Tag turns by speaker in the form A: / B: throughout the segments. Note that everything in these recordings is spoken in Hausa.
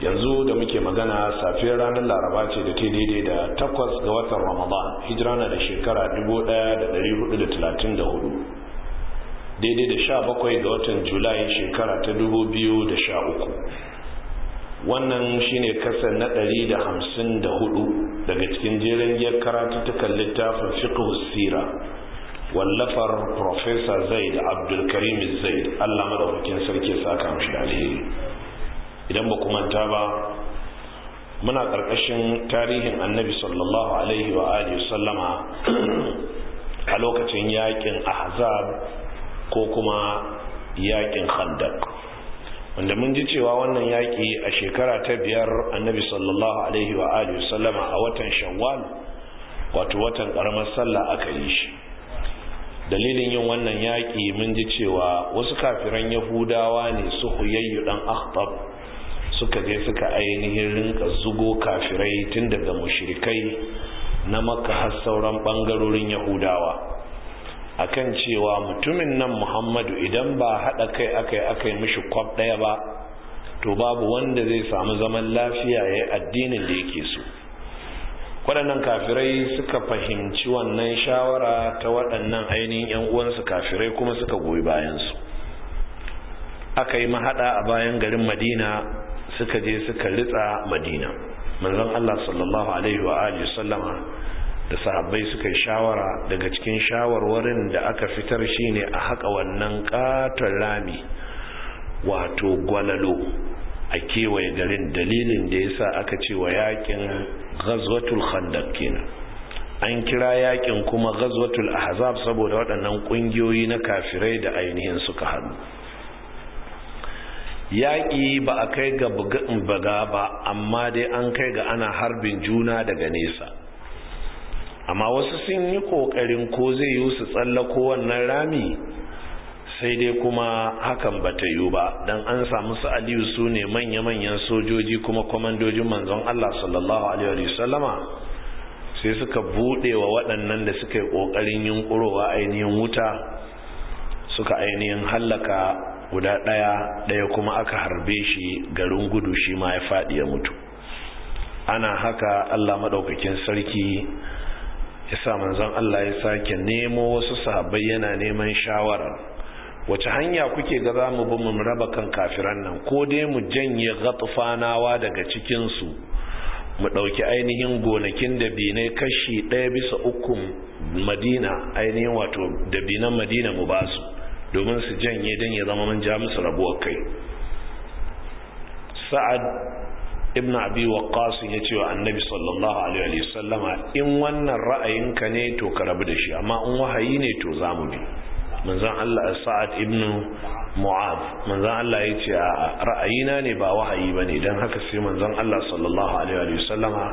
A: yanzu da muke magana safiyar ranar laraba ce da ta daidai da takwas ga watan ramadan hijira na da shekara 1434 daidai da sha bakwai ga watan julai shekara ta da sha uku. wannan shine kasar na ɗari da da hamsin 154 daga cikin jerin giyar karatuttukan littafin fiqh sira wallafar professor zaid abdulkarim zaid allah madaukakin sarki saka mashi alheri idan ba ku manta ba muna ƙarƙashin tarihin annabi sallallahu alaihi wa alihi sallama a lokacin yakin ahzab ko kuma yakin khandaq wanda mun ji cewa wannan yaƙi a shekara ta biyar annabi sallallahu alaihi wa alihi sallama a watan shawwal wato watan ƙaramar sallah aka yi shi dalilin yin wannan yaƙi mun ji cewa wasu kafiran yahudawa ne su huyayyu dan akhtab suka je suka ainihin rinka zugo kafirai tun daga mushrikai na maka har sauran ɓangarorin yahudawa akan cewa mutumin nan muhammadu idan ba haɗa kai aka akai akai mishi kwab ɗaya ba to babu wanda zai samu zaman lafiya ya addinin da yake so waɗannan kafirai suka fahimci wannan shawara ta waɗannan ainihin 'yan uwansu kafirai kuma suka goyi bayansu aka yi mahaɗa a bayan garin madina suka je suka ritsa madina manzon Allah sallallahu alaihi wa alihi sallama da sahabbai suka yi shawara daga cikin shawarwarin da aka fitar shine a haka wannan katon rami wato gwalalo a kewaye garin dalilin da ya sa aka ce wa yakin ghazwatul khandaq kenan an kira yakin kuma ghazwatul ahzab saboda waɗannan ƙungiyoyi na kafirai da ainihin suka haɗu yaƙi ba a kai ga buga ba amma dai an kai ga ana harbin juna daga nesa amma wasu sun yi ƙoƙarin ko zai yi su tsallako wannan rami sai dai kuma hakan ba ta yiwu ba don an samu su aliyu su ne manya-manyan sojoji kuma kwamandojin manzon Allah sallallahu alaihi wasallama sai suka buɗe wa waɗannan da suka yi ƙoƙarin yunƙurowa ainihin wuta suka ainihin hallaka guda ɗaya ɗaya kuma aka harbe shi garin gudu shi ma ya faɗi ya mutu ana haka allah maɗaukakin sarki ya sa manzon allah ya sake nemo wasu sahabbai yana neman shawarar wace hanya kuke ga za mu bi mu raba kan kafiran nan ko dai mu janye gatufanawa daga cikinsu mu ɗauki ainihin gonakin da dabinai kashi ɗaya bisa ukun madina ainihin wato da dabinan madina mu basu domin su janye don ya zama mun ja musu rabuwar kai sa'ad ibn abi waqqas ya ce wa annabi sallallahu alaihi wa sallama in wannan ra'ayinka ne to ka rabu da shi amma in wahayi ne to za mu bi manzon Allah sa'ad ibn mu'ad manzon Allah ya ce ra'ayina ne ba wahayi bane dan haka sai manzon Allah sallallahu alaihi wa sallama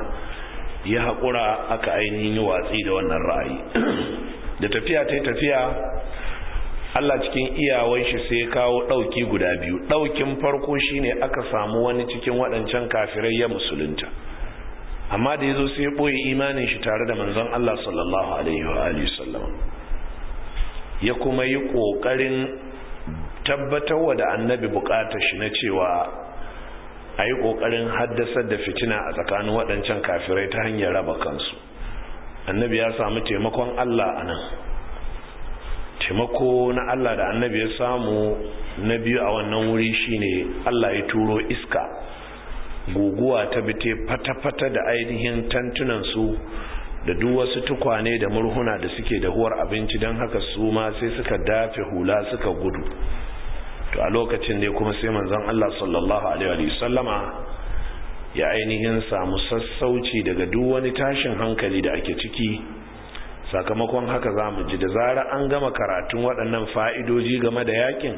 A: ya haƙura aka ainihin watsi da wannan ra'ayi da tafiya ta yi tafiya Allah cikin iyawan shi sai ya kawo ɗauki guda biyu ɗaukin farko shine aka samu wani cikin waɗancan kafirai ya musulunta amma da ya zo sai ya boye imanin shi tare da manzon Allah sallallahu alaihi wa alihi sallam ya kuma yi kokarin tabbatarwa da annabi bukatar shi na cewa a yi kokarin haddasar da fitina a tsakanin waɗancan kafirai ta hanyar raba kansu annabi ya samu taimakon Allah a nan. taimako na Allah da annabi ya samu na biyu a wannan wuri shine Allah ya turo iska guguwa ta bite fata-fata da ainihin tantunansu da duk wasu tukwane da murhuna da suke da huwar abinci don haka su ma sai suka dafe hula suka gudu to a lokacin ne kuma sai manzon Allah sallallahu alaihi sallama ya ainihin samu sassauci daga duk wani tashin hankali da ake ciki sakamakon haka za mu ji da zara an gama karatun waɗannan fa'idoji game da yakin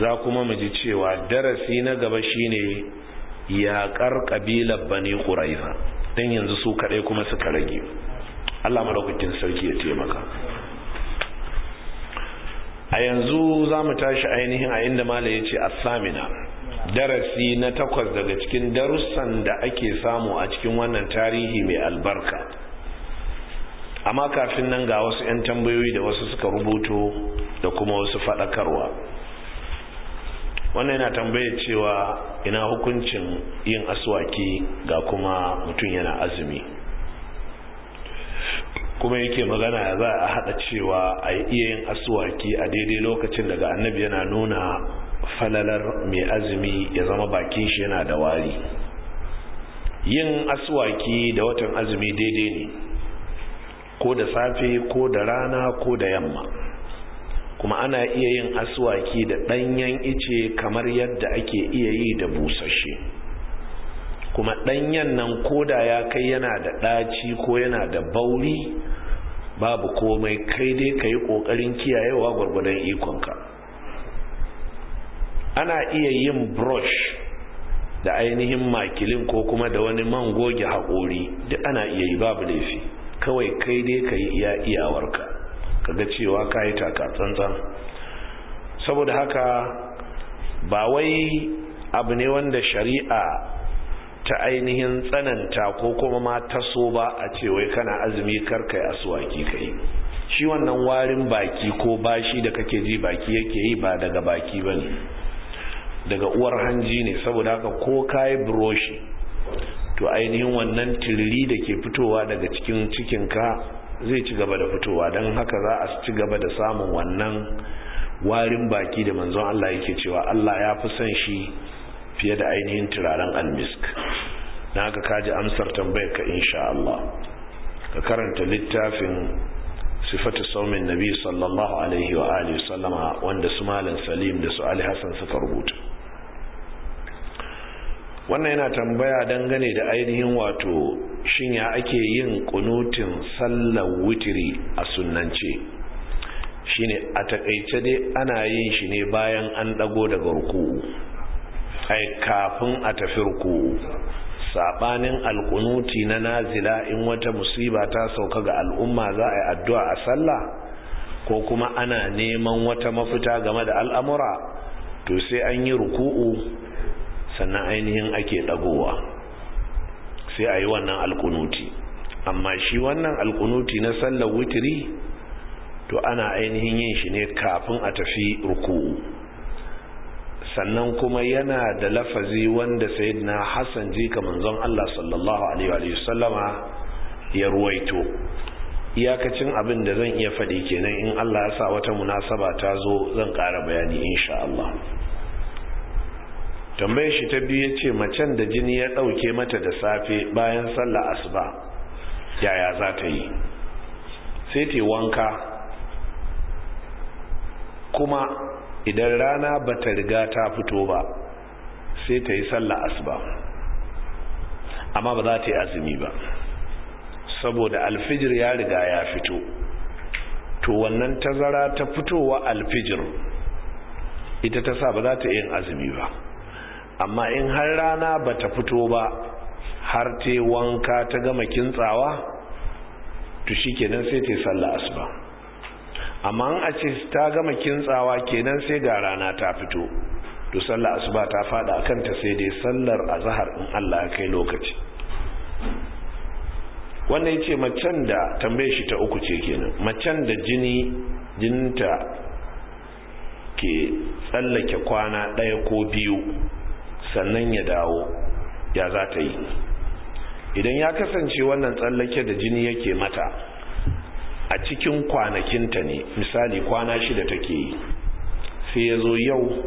A: za kuma mu ji cewa darasi na gaba shine yaƙar ƙabilar bani ƙuraifa don yanzu su kaɗai kuma suka rage allah maɗaukakin sarki ya taimaka a yanzu za mu tashi ainihin a inda mala ya ce assamina darasi na takwas daga cikin darussan da ake samu a cikin wannan tarihi mai albarka amma kafin nan ga wasu 'yan tambayoyi da wasu suka rubuto da kuma wasu faɗakarwa wannan yana tambaya cewa ina hukuncin yin aswaki ga kuma mutum yana azumi kuma yake magana ya za a haɗa cewa a iya yin aswaki a daidai lokacin daga annabi yana nuna falalar mai azumi ya zama bakin shi yana da wari yin aswaki da watan azumi daidai ne ko da safe ko da rana ko da yamma kuma ana iya yin aswaki da ɗanyen ice kamar yadda ake iya yi da busashe kuma ɗanyen nan koda ya kai yana da ɗaci ko yana da bauri babu komai kai dai ka yi ƙoƙarin kiyayewa gwargwadon ikonka ana iya yin brush da ainihin makilin ko kuma da wani man goge haƙori duk ana iya yi babu laifi kawai kai dai ka yi iya iyawarka kaga cewa ka yi taka tsantsan saboda haka ba wai abu ne wanda shari'a ta ainihin tsananta ko kuma ma taso ba a ce wai kana azumi karkai suwaki kai shi wannan warin baki ko bashi da kake ji baki yake yi ba daga baki ba ne daga uwar hanji ne saboda haka ko kayi buroshi to ainihin wannan tiriri da ke fitowa daga cikin cikinka zai ci gaba da fitowa don haka za a ci gaba da samun wannan warin baki da manzon Allah yake cewa Allah ya fi son shi fiye da ainihin turaren almisk na haka kaji amsar tambayar ka insha Allah ka karanta littafin sifatu saumin nabi sallallahu alaihi wa alihi sallama wanda su malam salim da su alihassan hassan suka rubuta wannan yana tambaya dangane da ainihin wato shin ya ake yin kunutin sallar witiri a sunnance shine a takaice dai ana yin shi ne bayan an dago daga ruku. ai kafin a tafi ruku. sabanin alkunuti na nazila in wata musiba ta sauka ga al'umma za a yi addu'a a sallah ko kuma ana neman wata mafita game da al'amura to sai an yi ruku'u sannan ainihin ake dagowa sai a yi wannan alkunuti amma shi wannan alkunuti na sallar witiri to ana ainihin yin shi ne kafin a tafi ruku. sannan kuma yana da lafazi wanda sai na hassan jika manzon Allah sallallahu alaihi wasallama ya ruwaito iyakacin abin da zan iya faɗi kenan in Allah ya sa wata munasaba ta zo zan ƙara bayani insha Allah tambayar shi ta biyu ya ce macen da jini ya ɗauke mata da safe bayan sallah asuba yaya za ta yi sai ta wanka kuma idan rana ba ta riga ta fito ba sai ta yi sallah asuba amma ba za ta yi azumi ba saboda alfijir ya riga ya fito to wannan tazara ta fitowa alfijir ita ta sa ba za ta yin azumi ba amma in har rana ba ta fito ba har te wanka ta gama kintsawa to shi kenan sai ta yi sallah asuba amma a ce ta gama kintsawa kenan sai ga rana ta fito to sallah asuba ta fada kanta ta sai dai sallar azhar in Allah ya kai lokaci wannan yace macen da tambaye shi ta uku ce kenan macen da jini jinta ke tsallake kwana ɗaya ko biyu sannan ya dawo ya za ta yi idan ya kasance wannan tsallake da jini yake mata a cikin kwanakinta ne misali kwana shida take yi sai ya zo yau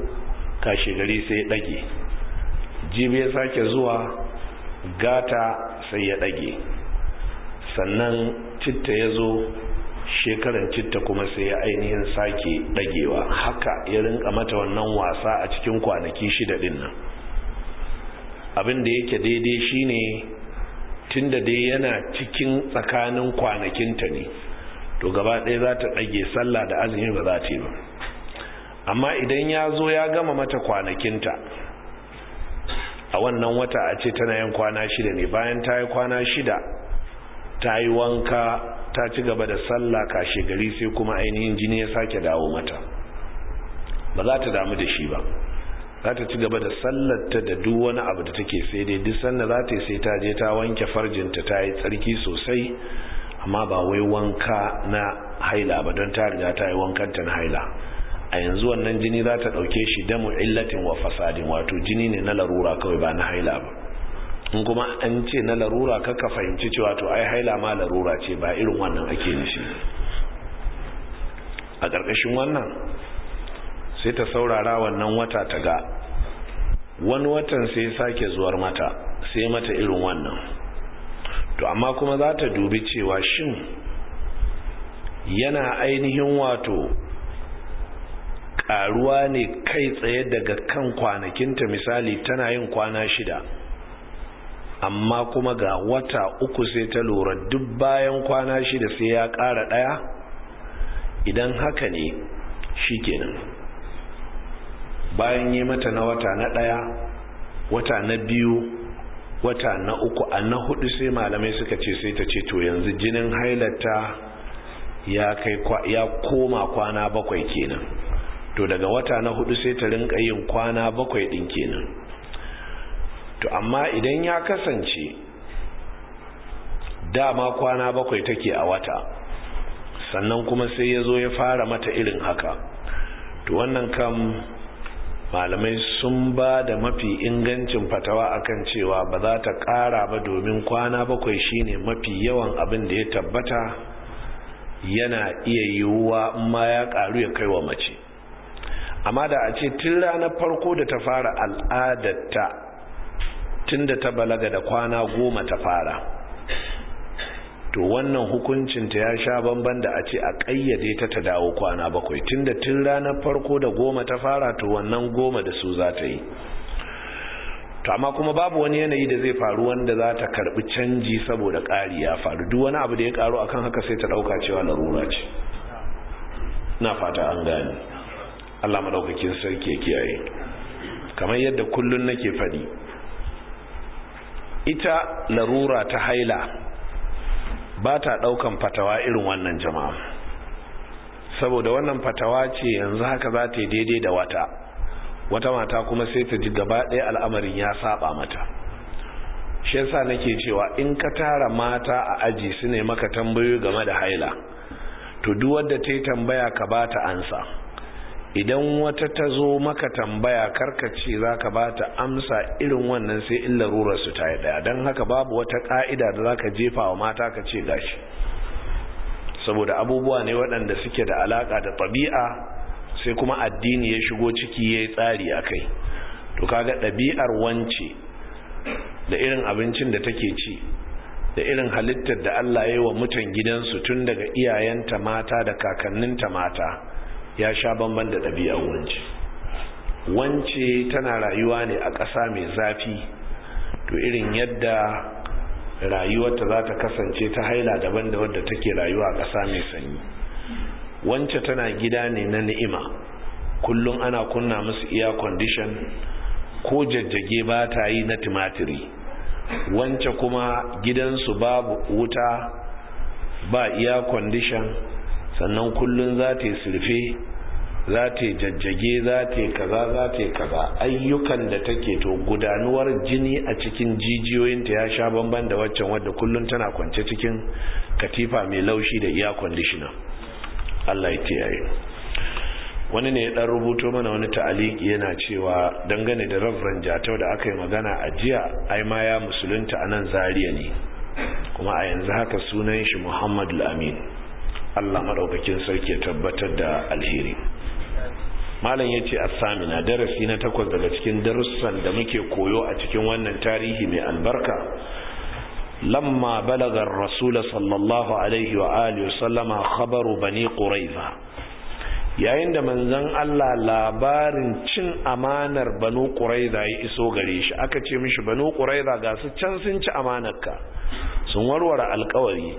A: kashi gari sai ya ɗage jibi ya sake zuwa gata sai ya ɗage sannan citta ya zo shekaran citta kuma sai ya ainihin sake ɗagewa haka ya rinka mata wannan wasa a cikin kwanaki shida ɗin nan abin da yake daidai shine da dai yana cikin tsakanin kwanakinta ne to gaba ɗaya za ta ɗage sallah da azumi ba za ta yi ba amma idan ya zo ya gama mata kwanakinta a wannan wata a ce tana yin kwana shida ne bayan ta yi kwana shida ta yi wanka ta ci gaba da sallah kashe gari sai kuma ainihin jini ya sake dawo mata ba za ta damu da shi ba za ta ci gaba da sallarta da duk wani abu da take sai dai duk sanda za ta yi sai ta je ta wanke farjinta ta yi tsarki sosai amma ba wai wanka na haila ba don ta riga ta yi wankanta na haila a yanzu wannan jini za ta ɗauke shi mu illatin wa fasadin wato jini ne na larura kawai ba na haila ba in kuma an ce na larura ka ka fahimci cewa to ai haila ma larura ce ba irin wannan ake nishi a ƙarƙashin wannan sai ta saurara wannan wata ta ga wani watan sai sake zuwar mata sai mata irin wannan to amma kuma za ta dubi cewa shin yana ainihin wato karuwa ne kai tsaye daga kan kwanakinta misali tana yin kwana shida amma kuma ga wata uku sai ta lura duk bayan kwana shida sai ya ƙara ɗaya idan haka ne shi kenan bayan yi mata na wata na ɗaya wata na biyu wata na uku a na hudu sai malamai suka ce sai ta ce to yanzu jinin hailata ya kai ya koma kwana bakwai kenan to daga wata na hudu sai ta rinka yin kwana bakwai din kenan to amma idan ya kasance dama kwana bakwai take a wata sannan kuma sai ya zo ya fara mata irin haka to wannan kam malamai sun ba da mafi ingancin fatawa akan cewa ba za ta ƙara ba domin kwana bakwai shine mafi yawan abin da ya tabbata yana iya yiwuwa ma ya ƙaru ya kai wa mace amma da a ce tun ranar farko da ta fara al'adarta tun da ta balaga da kwana goma ta fara to wannan hukuncin ta ya sha bamban da a ce a ƙayyade ta ta dawo kwana bakwai tunda tun ranar farko da goma ta fara to wannan goma da su za ta yi to amma kuma babu wani yanayi da zai faru wanda za ta karbi canji saboda ƙari ya faru duk wani abu da ya karu akan haka sai ta ɗauka cewa larura ce na fata an gane Allah madaukakin sarki ya kiyaye kamar yadda kullum nake faɗi ita larura ta haila ba ta ɗaukan fatawa irin wannan jama'a saboda wannan fatawa ce yanzu haka za ta yi daidai da wata wata mata kuma sai ta ji gaba ɗaya al'amarin ya saba mata shi yasa nake cewa in ka tara mata a aji su ne maka tambayoyi game da haila to duk wadda ta yi tambaya ka ba ta ansa idan wata ta zo maka tambaya karkace za ka ba ta amsa irin wannan sai in larurarsu ta yi daya don haka babu wata ka'ida da za ka jefa wa mata ka ce gashi saboda abubuwa ne waɗanda suke da alaƙa da ɗabi'a sai kuma addini ya shigo ciki ya yi tsari a kai to kaga ɗabi'ar wance da irin abincin da take ci da irin halittar da Allah ya yi wa mutan gidansu tun daga iyayenta mata da kakanninta mata ya sha banban da ɗabi'ar wance wance tana rayuwa ne a ƙasa mai zafi to irin yadda rayuwarta za ta kasance ta haila daban da wadda take rayuwa a ƙasa mai sanyi wance tana gida ne na ni'ima kullum ana kunna musu iya condition ko jajjage ba ta yi na timatiri wance kuma gidansu babu wuta ba iya condition sannan kullun za ta yi sulfe za ta yi jajjage za ta yi kaza za ta yi kaza ayyukan da take to gudanuwar jini a cikin jijiyoyinta ya sha bamban da waccan wadda kullun tana kwance cikin katifa mai laushi da iya kwandishina Allah ya tiyaye wani ne ya dan rubuto mana wani ta'aliki yana cewa dangane da rafran Jatau da aka yi magana a jiya ai ma ya musulunta a nan Zaria ne kuma a yanzu haka sunan shi Muhammadu amin Allah maɗaukakin sarki ya tabbatar da alheri malam ya ce samina darasi na takwas daga cikin darussan da muke koyo a cikin wannan tarihi mai albarka lamma balagar rasula sallallahu alaihi wa alihi sallama khabaru bani quraiza yayin da manzon Allah labarin cin amanar banu quraiza ya iso gare shi aka ce mishi banu quraiza ga su can sun ci amanarka sun warware alkawari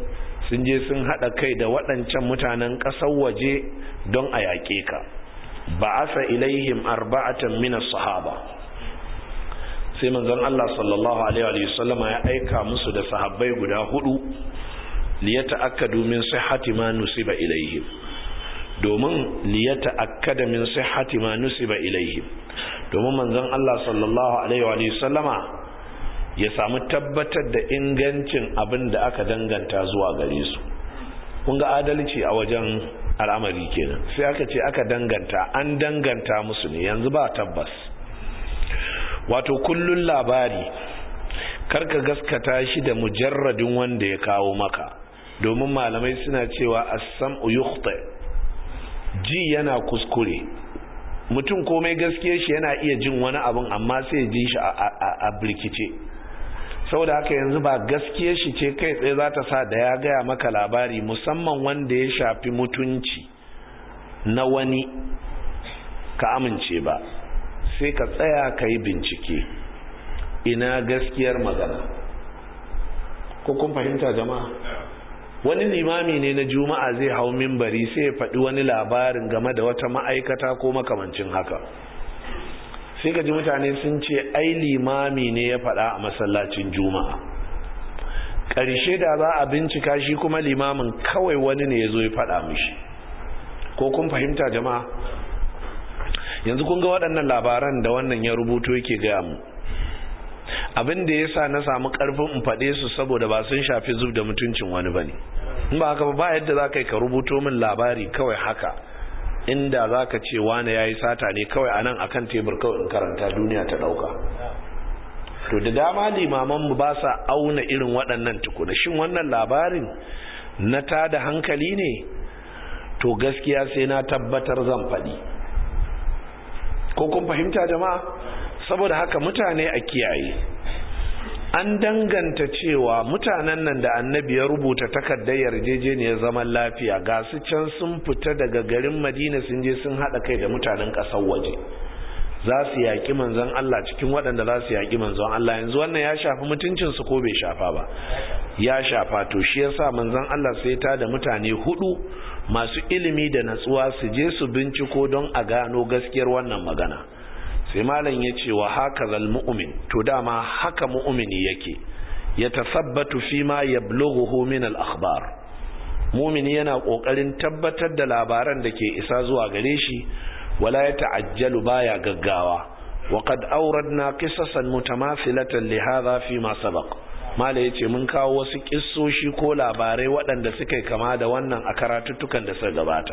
A: sun je sun haɗa kai da waɗancan mutanen ƙasar waje don a yaƙe ka ba a ba'asa ilaihim arba'atan min sahaba sai manzon Allah sallallahu alaihi wa sallama ya aika musu da sahabbai guda hudu liyata akadu min sihhati ma nusiba ilaihim domin liyata akkada min sihhati ma nusiba ilaihim domin manzon Allah sallallahu alaihi wa sallama ya samu tabbatar da ingancin abin da aka danganta zuwa gare su kun ga adalci a wajen al'amari kenan sai aka ce aka danganta an danganta musu ne yanzu ba tabbas wato kullun labari karka gaskata shi da mujarradin wanda ya kawo maka domin malamai suna cewa asam samu ji yana kuskure mutum komai gaskiya shi yana iya jin wani abin amma sai ji shi a birkice saboda haka yanzu ba gaskiya shi ce kai tsaye za ta sa da ya gaya maka labari musamman wanda ya shafi mutunci na wani ka amince ba sai ka tsaya ka yi bincike ina gaskiyar magana ko kun fahimta jama'a wani limami ne na juma'a zai hau mimbari sai ya faɗi wani labarin game da wata ma'aikata ko makamancin haka sai ka ji mutane sun ce ai limami ne ya faɗa a masallacin juma'a ƙarshe da za a bincika shi kuma limamin kawai wani ne ya zo ya faɗa mishi ko kun fahimta jama'a yanzu kun ga waɗannan labaran da wannan ya rubuto yake gaya mu abin da ya sa na samu ƙarfin in faɗe su saboda ba sun shafi zub da mutuncin wani ba ne in ba haka ba yadda za ka yi ka rubuto min labari kawai haka inda za ka ce wane ya yi sata ne kawai a nan a kan tebur kawai in karanta duniya ta ɗauka to da dama limamanmu ba sa auna irin waɗannan tukuna shin wannan labarin na ta da hankali ne to gaskiya sai na tabbatar zan faɗi ko kun fahimta jama'a saboda haka mutane a kiyaye an danganta cewa mutanen nan da annabi ya rubuta takardar yarjejeniyar zaman lafiya ga su can sun fita daga garin madina sun je sun haɗa kai da mutanen ƙasar waje za su yaƙi manzon Allah cikin waɗanda za su yaƙi manzon Allah yanzu wannan ya shafi su ko bai shafa ba ya shafa to shi yasa manzon Allah sai ta da mutane hudu masu ilimi da natsuwa su je su binciko don a gano gaskiyar wannan magana sai malam ya ce wa haka mu'min to dama haka mu'mini yake ya tasabbatu fi ma yablughu min al-akhbar mu'mini yana kokarin tabbatar da labaran da ke isa zuwa gare shi wala ya ta'ajjalu baya gaggawa wa qad awradna qisasan mutamathilatan li hadha fi ma sabaq mala yace mun kawo wasu kissoshi ko labarai waɗanda suka kama da wannan a karatuttukan da suka gabata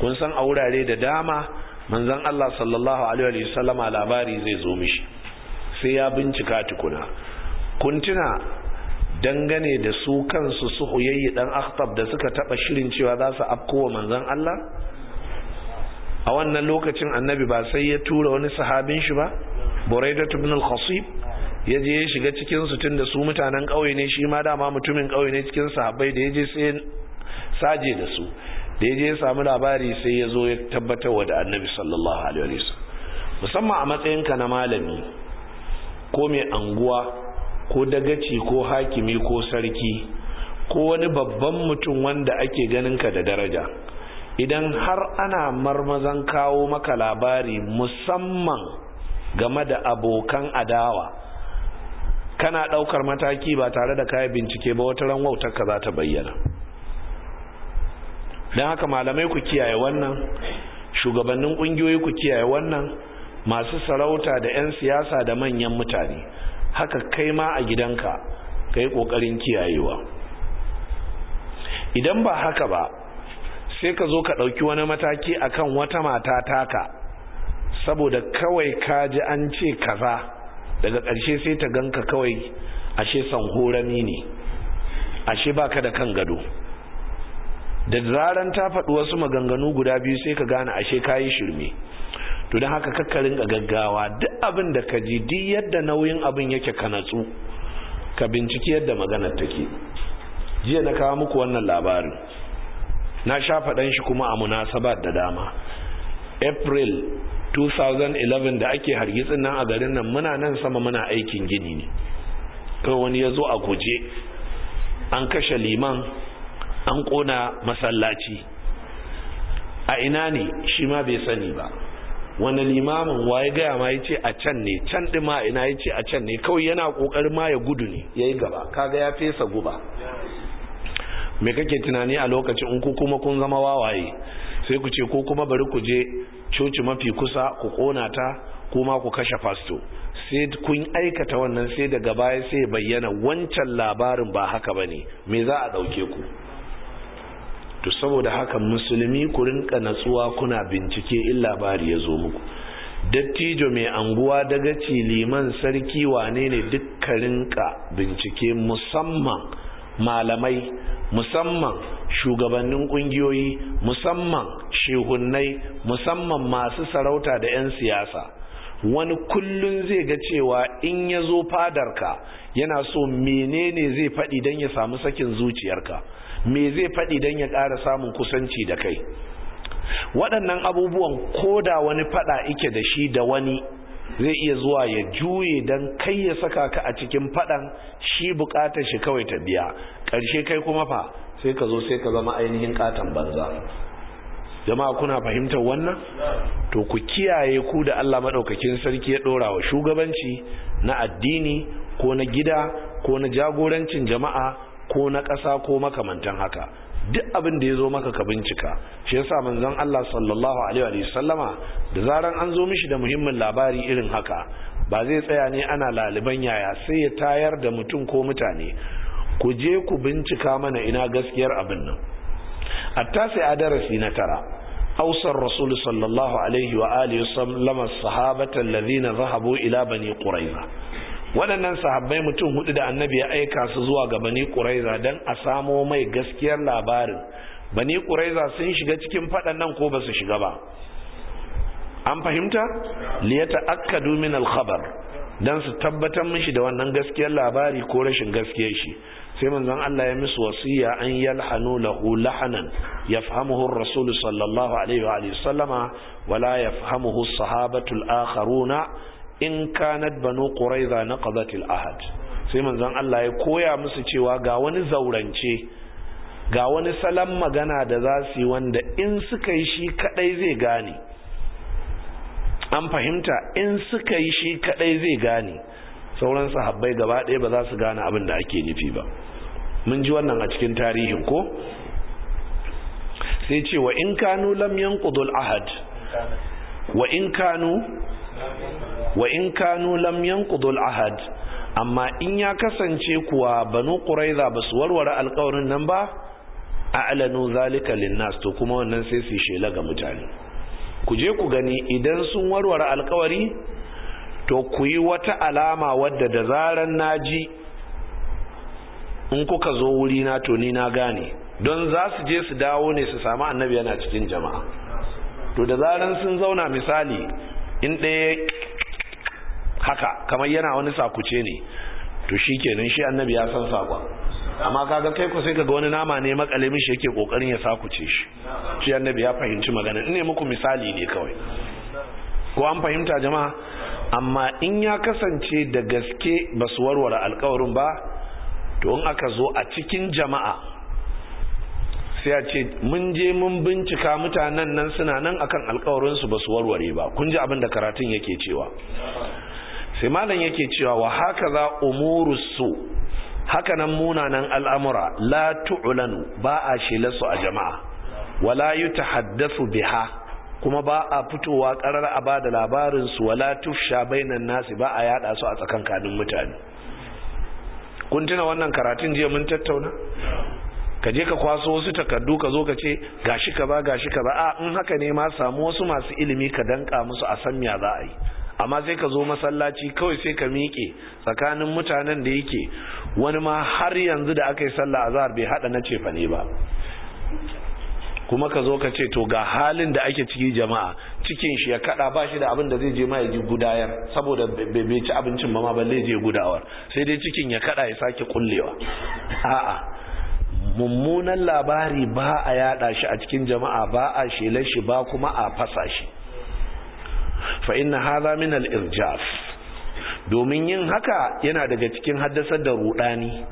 A: kun san a wurare da dama Manzan Allah sallallahu alaihi wasallama labari zai zo mishi sai ya bincika tukuna kuntuna dangane da su kansu su huyayyi dan akhtab da suka taba shirin cewa za su afkowa manzan Allah a wannan lokacin annabi ba sai ya tura wani sahabin shi ba buraidat ibn al-khasib ya je ya shiga cikin su tunda su mutanen ƙauye ne shi ma dama mutumin ƙauye ne cikin sahabbai da ya je sai saje da su da ya je ya samu labari sai ya zo ya tabbatar wa da annabi sallallahu alaihi wasallam musamman a matsayinka na malami ko mai anguwa ko dagaci ko hakimi ko sarki ko wani babban mutum wanda ake ganin ka da daraja idan har ana marmazan kawo maka labari musamman game da abokan adawa kana daukar mataki ba tare da kayi bincike ba wata ran wautar ka za ta bayyana don haka malamai ku kiyaye wannan shugabannin kungiyoyi ku kiyaye wannan masu sarauta da 'yan siyasa da manyan mutane haka kai ma a gidanka ka yi ƙoƙarin kiyayewa idan ba haka ba sai ka zo ka ɗauki wani mataki akan wata mata taka saboda kawai ka ji an ce kaza daga ƙarshe sai ta ganka kawai ashe san horami ne ashe baka da kan gado da zaran ta faɗi wasu maganganu guda biyu sai ka gane ashe ka yi shirme to don haka kakkarin ga gaggawa duk abin da ka ji duk yadda nauyin abin yake ka natsu ka binciki yadda maganar take jiya na kawo muku wannan labarin na sha faɗan shi kuma a munasabat da dama april 2011 da ake hargitsin nan a garin nan muna nan sama muna aikin gini ne kawai wani ya zo a guje an kashe liman an kona masallaci a ina ne shi ma bai sani ba wani limamin waye gaya ma ya ce a can ne can ɗin ma ina ce a can ne kawai yana kokarin ma ya gudu ne Ya yi gaba kaga ya fesa guba me kake tunani a lokacin in ku kuma kun zama wawaye sai ku ce ko kuma bari ku je coci mafi kusa ku kona ta kuma ku kashe fasto sai kun aikata wannan sai daga baya sai bayyana wancan labarin ba haka bane me za a ɗauke ku to saboda haka musulmi ku rinka natsuwa kuna bincike in labari ya zo muku dattijo mai anguwa dagaci liman sarki wane ne dukkan rinka bincike musamman malamai musamman shugabannin kungiyoyi musamman shehunnai musamman masu sarauta da 'yan siyasa wani kullun zai ga cewa in ya zo fadarka yana so menene zai faɗi don ya samu sakin zuciyarka me zai faɗi don ya ƙara samun kusanci da kai waɗannan abubuwan ko da wani faɗa ike da shi da wani zai iya zuwa ya juye don kai ya saka ka a cikin faɗan shi buƙatar shi kawai ta biya ƙarshe kai kuma fa sai ka zo sai ka zama ainihin ƙaton banza jama'a kuna fahimtar wannan to ku kiyaye ku da Allah maɗaukakin sarki ya ɗora wa shugabanci na addini ko na gida ko na jagorancin jama'a ko na ƙasa ko makamantan haka duk abin da ya zo maka ka bincika shi yasa manzon Allah sallallahu alaihi Wasallama da zaran an zo mishi da muhimmin labari irin haka ba zai tsaya ne ana laliban yaya sai ya tayar da mutum ko mutane ku je ku bincika mana ina gaskiyar abin nan hatta sai a darasi na tara ausar rasul sallallahu alaihi wa alihi sallama sahabatan ladina zahabu ila bani quraiza waɗannan sahabbai mutum hudu da annabi ya aika su zuwa ga bani ƙuraiza don a samo mai gaskiyar labarin bani ƙuraiza sun shiga cikin faɗan nan ko ba su shiga ba an fahimta liyata akkadu min alkhabar don su tabbatar mishi da wannan gaskiyar labari ko rashin gaskiyar shi sai manzon Allah ya musu wasiya an yalhanu lahu lahanan yafhamuhu ar sallallahu alaihi wa sallama wala yafhamuhu sahabatul sahabatu akharuna in kanat banu quraiza naqadatil ahad sai manzon Allah ya koya musu cewa ga wani zaurance ga wani salon magana da za su yi wanda in suka yi shi kadai zai gane an fahimta in suka yi shi kadai zai gane sauran sahabbai gaba ɗaya ba za su gane abin da ake nufi ba mun ji wannan a cikin tarihin ko sai ce wa in kanu lam yanqudul ahad wa in kanu wa in kanu lam yanqudul ahad amma in ya kasance kuwa banu quraiza basu warware alƙawarin nan ba a'lanu zalika linnas to kuma wannan sai su shela ga mutane ku je ku gani idan sun warware alƙawari to ku yi wata alama wadda da zaran naji in kuka zo wuri na to ni na gane don za su je su dawo ne su samu annabi yana cikin jama'a to da zaran sun zauna misali in ɗaya haka kamar yana wani sakuce ne to shi kenan shi annabi ya san sakwa amma kaga kai ku sai kaga wani nama ne makale mishi yake kokarin ya sakuce shi shi annabi ya fahimci magana ne muku misali ne kawai ko an fahimta jama'a amma in ya kasance da gaske ba su warware alkawarin ba to in aka zo a cikin jama'a sai a ce mun je mun bincika mutanen nan suna nan akan alkawarinsu ba su warware ba kun ji abin da karatun yake cewa sai malam yake cewa wa haka za umurusu haka nan munanan al'amura la tu'lanu ba a shelarsu a jama'a wala yutahaddathu biha kuma ba a fitowa karar a ba da labarinsu wala tufsha bainan nasi ba a yada su a tsakankanin mutane kun tuna wannan karatun jiya mun tattauna ka je ka kwaso wasu takardu ka zo ka ce gashi kaza gashi kaza a in haka ne ma samu wasu masu ilimi ka danka musu a san ya za a yi amma sai ka zo masallaci kawai sai ka miƙe tsakanin mutanen da yake wani ma har yanzu da aka yi sallah azhar bai hada na cefa ne ba kuma ka zo ka ce to ga halin da ake ciki jama'a cikin shi ya kada ba shi da abin da zai je ma ya ji gudayar saboda bai ci abincin ma balle je gudawar sai dai cikin ya kada ya sake kullewa a'a mummunan labari ba a yada shi a cikin jama'a ba a shelar shi ba kuma a fasa shi fa inna hadha min al-irjaf domin yin haka yana daga cikin haddasar da rudani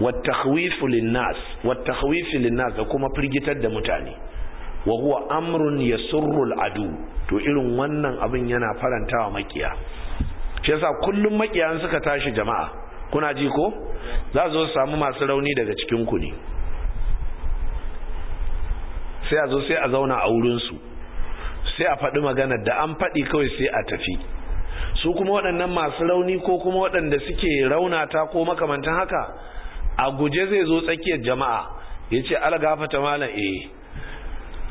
A: wa takhwifu lin-nas wa takhwifu lin-nas da kuma firgitar da mutane wa huwa amrun yasurru al-adu to irin wannan abin yana farantawa makiya shi yasa kullum makiyan suka tashi jama'a kuna ji ko za su samu masu rauni daga cikin ku ne sai a zo sai a zauna a wurinsu sai a faɗi maganar da an faɗi kawai sai a tafi su kuma waɗannan masu rauni ko kuma waɗanda suke raunata ko makamantan haka a guje zai zo tsakiyar jama'a ya ce algafata malam eh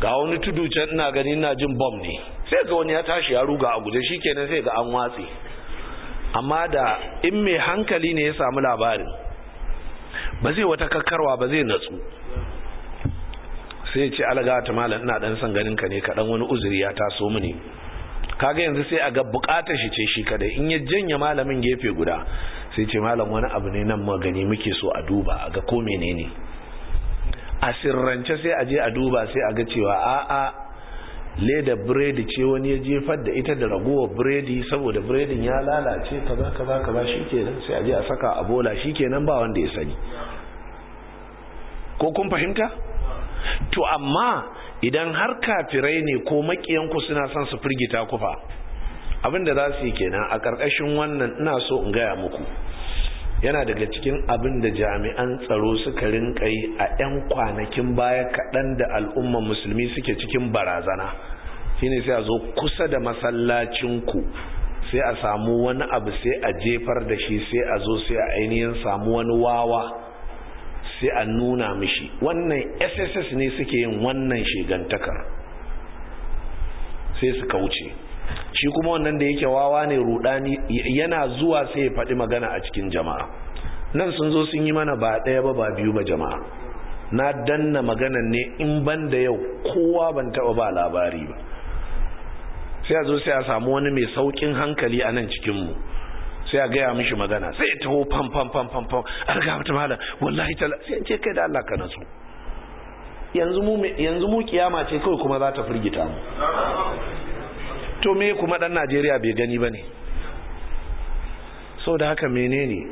A: ga wani tudu can ina gani ina jin bom ne sai ga wani ya tashi ya ruga a guje shikenan sai ga an watse amma da in mai hankali ne ya samu labarin ba zai wata kakkarwa ba zai natsu sai ce alaga ta malam ina dan san ganin ka ne ka dan wani uzuri ya taso mini kaga yanzu sai a ga bukatar shi ce shi kadai in ya janya malamin gefe guda sai ce malam wani abu ne nan magani muke so a duba a ga ko menene a sirrance sai a je a duba sai a ga cewa a'a leda biredi ce wani ya jefar da ita da ragowar biredi saboda biredin ya lalace kaza kaza kaza shikenan sai a je a saka a bola shi shikenan ba wanda ya sani ko kun fahimta to amma idan har kafirai ne ko makiyanku suna son su firgita ku fa abin da za su yi kenan a ƙarƙashin wannan ina so in gaya muku yana daga cikin abin da jami'an tsaro suka rinka yi a 'yan kwanakin baya kaɗan da al'umman musulmi suke cikin barazana shine sai a zo kusa da masallacinku sai a samu wani abu sai a jefar da shi sai a zo sai a ainihin samu wani wawa sai a nuna mishi wannan sss ne suke yin wannan shigantakar sai su kauce shi kuma wannan da yake wawa ne rudani yana zuwa sai ya faɗi magana a cikin jama'a nan sun zo sun yi mana ba ɗaya ba ba biyu ba jama'a na danna maganan ne in ban da yau kowa ban taɓa ba labari ba sai a zo sai a samu wani mai saukin hankali a nan cikinmu sai a gaya mishi magana sai ta taho fam fam fam fam fam alga wata mala wallahi tala sai ce kai da Allah ka nasu yanzu mu yanzu mu kiyama ce kawai kuma za ta firgita mu to me kuma dan Najeriya bai gani bane so da haka menene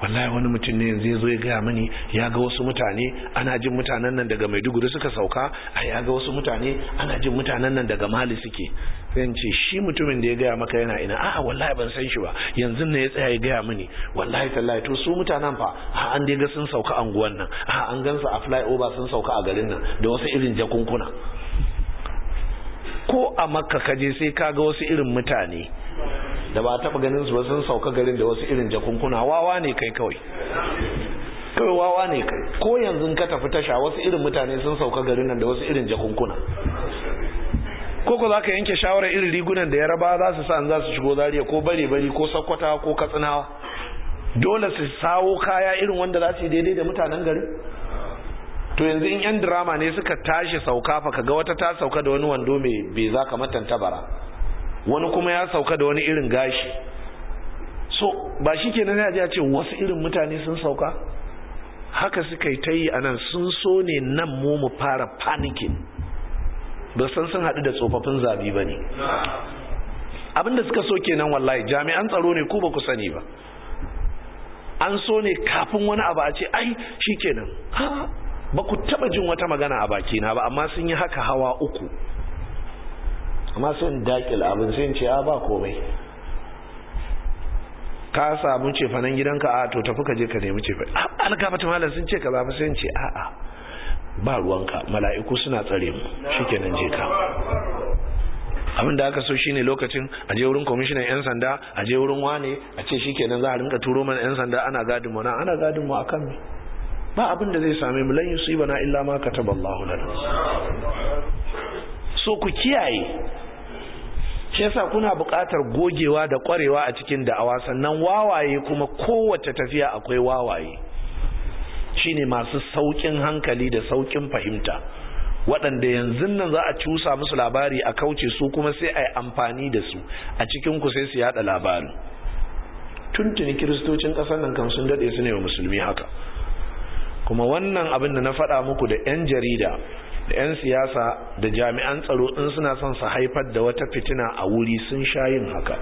A: wallahi wani mutum ne yanzu ya zo ya gaya mani ya ga wasu mutane ana jin mutanen nan daga maiduguri suka sauka a ya ga wasu mutane ana jin mutanen nan daga mali suke sai ce shi mutumin da ya gaya maka yana ina a'a wallahi ban san shi ba yanzu ne ya tsaya ya gaya mini wallahi tallahi to su mutanen fa a an dai ga sun sauka anguwan nan a an gansa a flyover sun sauka a garin nan da wasu irin jakunkuna ko a makka kaje sai kaga wasu irin mutane da ba taba ganin su ba sun sauka garin da wasu irin jakunkuna wawa ne kai kawai kawai wawa ne kai ko yanzu ka tafi tasha wasu irin mutane sun sauka garin nan da wasu irin jakunkuna ko za ka yanke shawarar irin rigunan da ya raba za su sa za su shigo zariya ko bare bari ko sakwata ko katsinawa dole su sawo kaya irin wanda za su yi daidai da mutanen gari to yanzu in yan drama ne suka tashi sauka fa kaga wata ta sauka da wani wando mai za ka matanta bara wani kuma ya sauka da wani irin gashi so ba shi kenan sai a ce wasu irin mutane sun sauka haka suka yi ta yi a nan sun so ne nan mu mu fara panikin ba san sun haɗu da tsofaffin zabi ba ne abinda suka so kenan wallahi jami'an tsaro ne ku ba ku sani ba an so ne kafin wani abu a ce ai shi kenan ba ku taɓa jin wata magana a bakina ba amma sun yi haka hawa uku amma sun daƙil abin sun ce a ba komai ka samu ce fanan gidanka a to tafi ka je ka nemi ce alkafata malam sun ce ka zafi sun ce a'a ba ruwanka mala'iku suna tsare mu shikenan je ka abin da aka so shine lokacin a je wurin kwamishinan yan sanda a je wurin wane a ce shikenan za a rinka turo mana yan sanda ana gadin mu ana gadin mu akan mu. ba abin da zai same mu lan na illa ma kataballahu lana so ku kiyaye shi yasa kuna buƙatar gogewa da ƙwarewa a cikin da'awa sannan wawaye kuma kowace tafiya akwai wawaye shine masu saukin hankali da saukin fahimta waɗanda yanzu nan za a cusa musu labari a kauce su kuma sai a yi amfani da su a cikin ku sai su yada labarin tuntuni kiristocin ƙasar nan kan sun daɗe su ne wa musulmi haka kuma wannan abin da na faɗa muku da 'yan jarida da 'yan siyasa da jami'an tsaro in suna son su haifar da wata fitina a wuri sun sha yin haka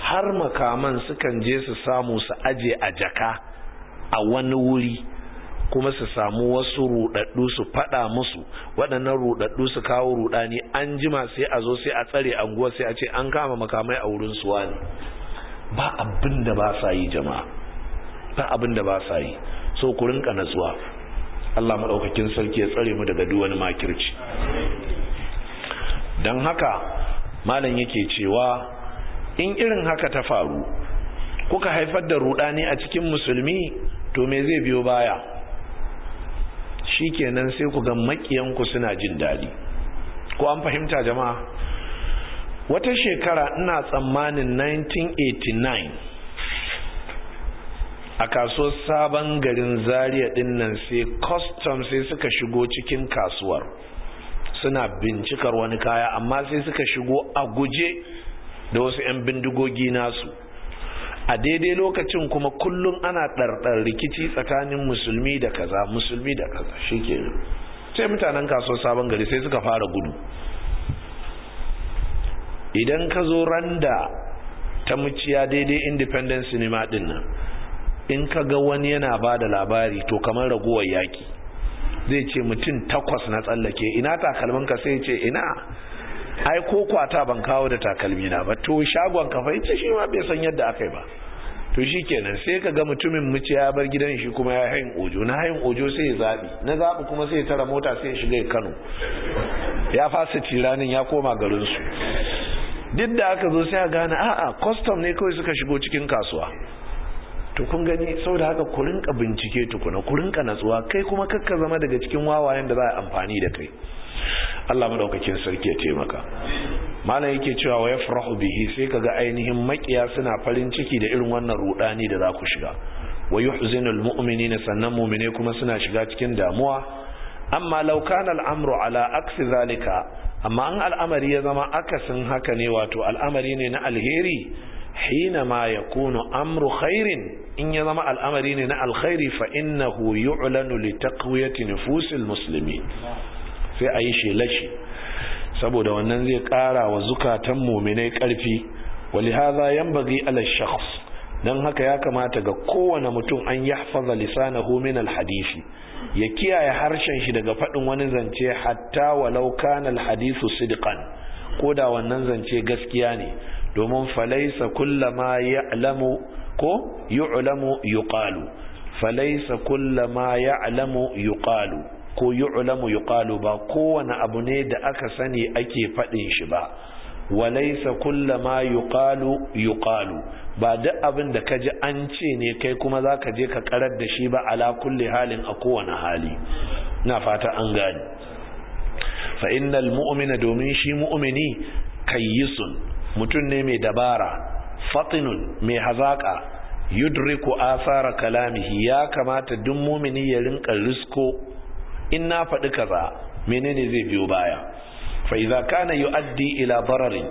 A: har makaman sukan je su samu su aje a jaka a wani wuri kuma su samu wasu rudaddu su fada musu waɗannan rudaddu su kawo rudani an jima sai a zo sai a tsare anguwa sai a ce an kama makamai a wurin suwa ne ba abin da ba sa yi jama'a ba abin da ba sa yi so ku rinka natsuwa Allah madaukakin sarki ya tsare mu daga duk wani makirci dan haka malam yake cewa in irin haka ta faru kuka haifar da rudani a cikin musulmi to me zai biyo baya Shi shikenan sai ku ga makiyanku suna jin daɗi ko an fahimta jama'a wata shekara ina tsammanin 1989 a kasuwar sabon garin Zariya din sai custom sai suka shigo cikin kasuwar suna bincikar wani kaya amma sai suka shigo a guje da wasu 'yan bindigogi nasu a daidai lokacin kuma kullum ana ɗarɗar rikici tsakanin musulmi da kaza musulmi da kaza shi shike sai mutanen kaso sabon gari sai suka fara gudu idan ka zo randa ta muciya daidai independent cinema din nan in ka ga wani yana ba da labari to kamar raguwar yaki zai ce mutum takwas na tsallake ina takalminka sai ce ina ai ko kwata ban kawo da takalmi na ba to shagon ka ita shi ma bai san yadda aka yi ba to shi kenan sai ka ga mutumin mace ya bar gidan shi kuma ya hain ojo na hain ojo sai ya zaɓi na zaɓi kuma sai ya tara mota sai ya shiga kano ya fasa tiranin ya koma garin su duk da aka zo sai ya gane a'a kwastam ne kawai suka shigo cikin kasuwa to kun gani saboda haka kurinka bincike tukuna kurinka natsuwa kai kuma kakka zama daga cikin wawayen da za a amfani da kai Allah madaukakin sarki ya taimaka malam yake cewa wa yafrahu bihi sai kaga ainihin makiya suna farin ciki da irin wannan rudani da za ku shiga wa yuhzinu almu'minina sannan mu'mine kuma suna shiga cikin damuwa amma law kana al'amru ala aksi zalika amma an al'amari ya zama akasin haka ne wato al'amari ne na alheri hina ma yakunu amru khairin in ya zama al'amari ne na alkhairi fa innahu yu'lanu li taqwiyati nufusil muslimin sai a yi shelashi saboda wannan zai ƙara wa zukatan muminai ƙarfi wali haza yan bagi ala shakhs don haka ya kamata ga kowane mutum an yi hafaza lisana min alhadisi ya kiyaye harshen shi daga faɗin wani zance hatta walau kana alhadisu sidqan ko da wannan zance gaskiya ne domin falaisa kullama ya'lamu ko yu'lamu falaisa kullama ko yu'lamu yuqalu ba kowane abu ne da aka sani ake faɗin shi ba walaisa kullama yuqalu yuqalu ba duk abin da kaji an ce ne kai kuma zaka je ka karar da shi ba ala kulli halin a kowane hali na fata an gane fa innal mu'mina domin shi mu'mini kayyisun mutum ne mai dabara fatinun mai hazaka yudriku asara kalamihi ya kamata duk mu'mini ya rinka risko in na faɗi kaza menene zai biyo baya fa idza kana yuaddi ila darari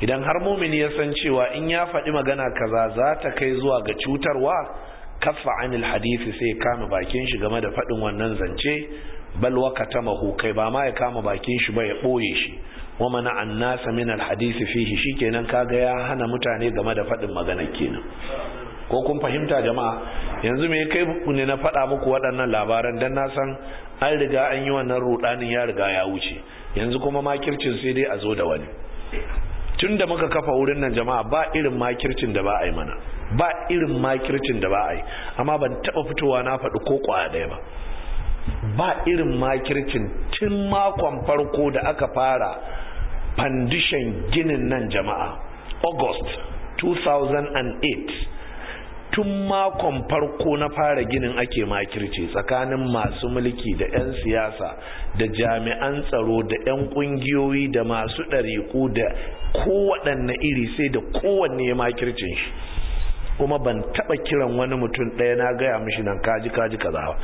A: idan har mumini ya san cewa in ya faɗi magana kaza za ta kai zuwa ga cutarwa kaffa anil hadisi sai kama bakin shi game da faɗin wannan zance bal wakata mahu kai ba ma ya kama bakin shi ba ya ɓoye shi wa mana annasa min min alhadisi fihi ka ga ya hana mutane game da faɗin magana kenan ko kun fahimta jama'a yanzu me kai ne na faɗa muku waɗannan labaran dan na san an riga an yi wannan rudanin ya riga ya wuce yanzu kuma makircin sai dai a zo da wani Tunda muka kafa wurin nan jama'a ba irin makircin da ba a yi mana ba irin makircin da ba a yi amma ban taba fitowa na faɗi ko kwaya ɗaya ba ba irin makircin tun makon farko da aka fara fandishan ginin nan jama'a august 2008 tun makon farko na fara ginin ake makirce tsakanin masu mulki da 'yan siyasa da jami'an tsaro da 'yan kungiyoyi da masu ɗariƙu da kowaɗanne iri sai da kowanne ya makirce shi kuma ban taba kiran wani mutum ɗaya na gaya mishi nan kaji kaji kaza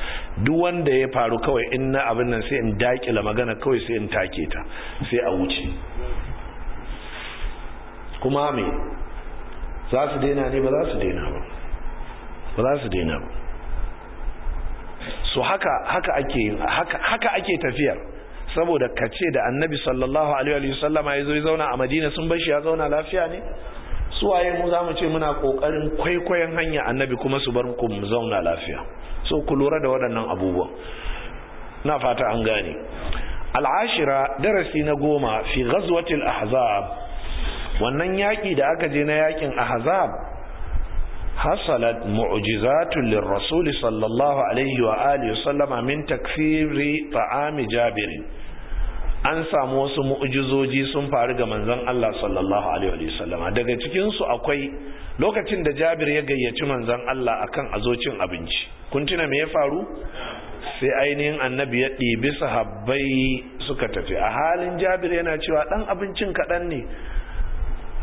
A: duk wanda ya faru kawai in na abin nan sai in dakila magana kawai sai in take ta sai a wuce kuma me za su daina ne ba za su daina ba ba za su daina ba su haka haka ake haka tafiyar saboda kace da annabi sallallahu alaihi wa sallama yazo ya zauna a madina sun bar shi ya zauna lafiya ne su waye mu zamu ce muna kokarin kwaikwayon hanya annabi kuma su bar mu zauna lafiya so ku lura da waɗannan abubuwan na fata an gane al'ashira darasi na goma fi ghazwatil ahzab wannan yaki da aka je na yakin ahzab حصلت معجزات للرسول sallallahu alaihi wa وآله وسلم min takfiri طعام جابر an samu wasu mu'jizoji sun faru ga manzon Allah sallallahu alaihi wa sallama daga cikin su akwai lokacin da Jabir ya gayyaci manzon Allah akan azocin abinci kun tuna me ya faru sai ainihin annabi ya ɗibi sahabbai suka tafi a halin Jabir yana cewa dan abincin kaɗan ne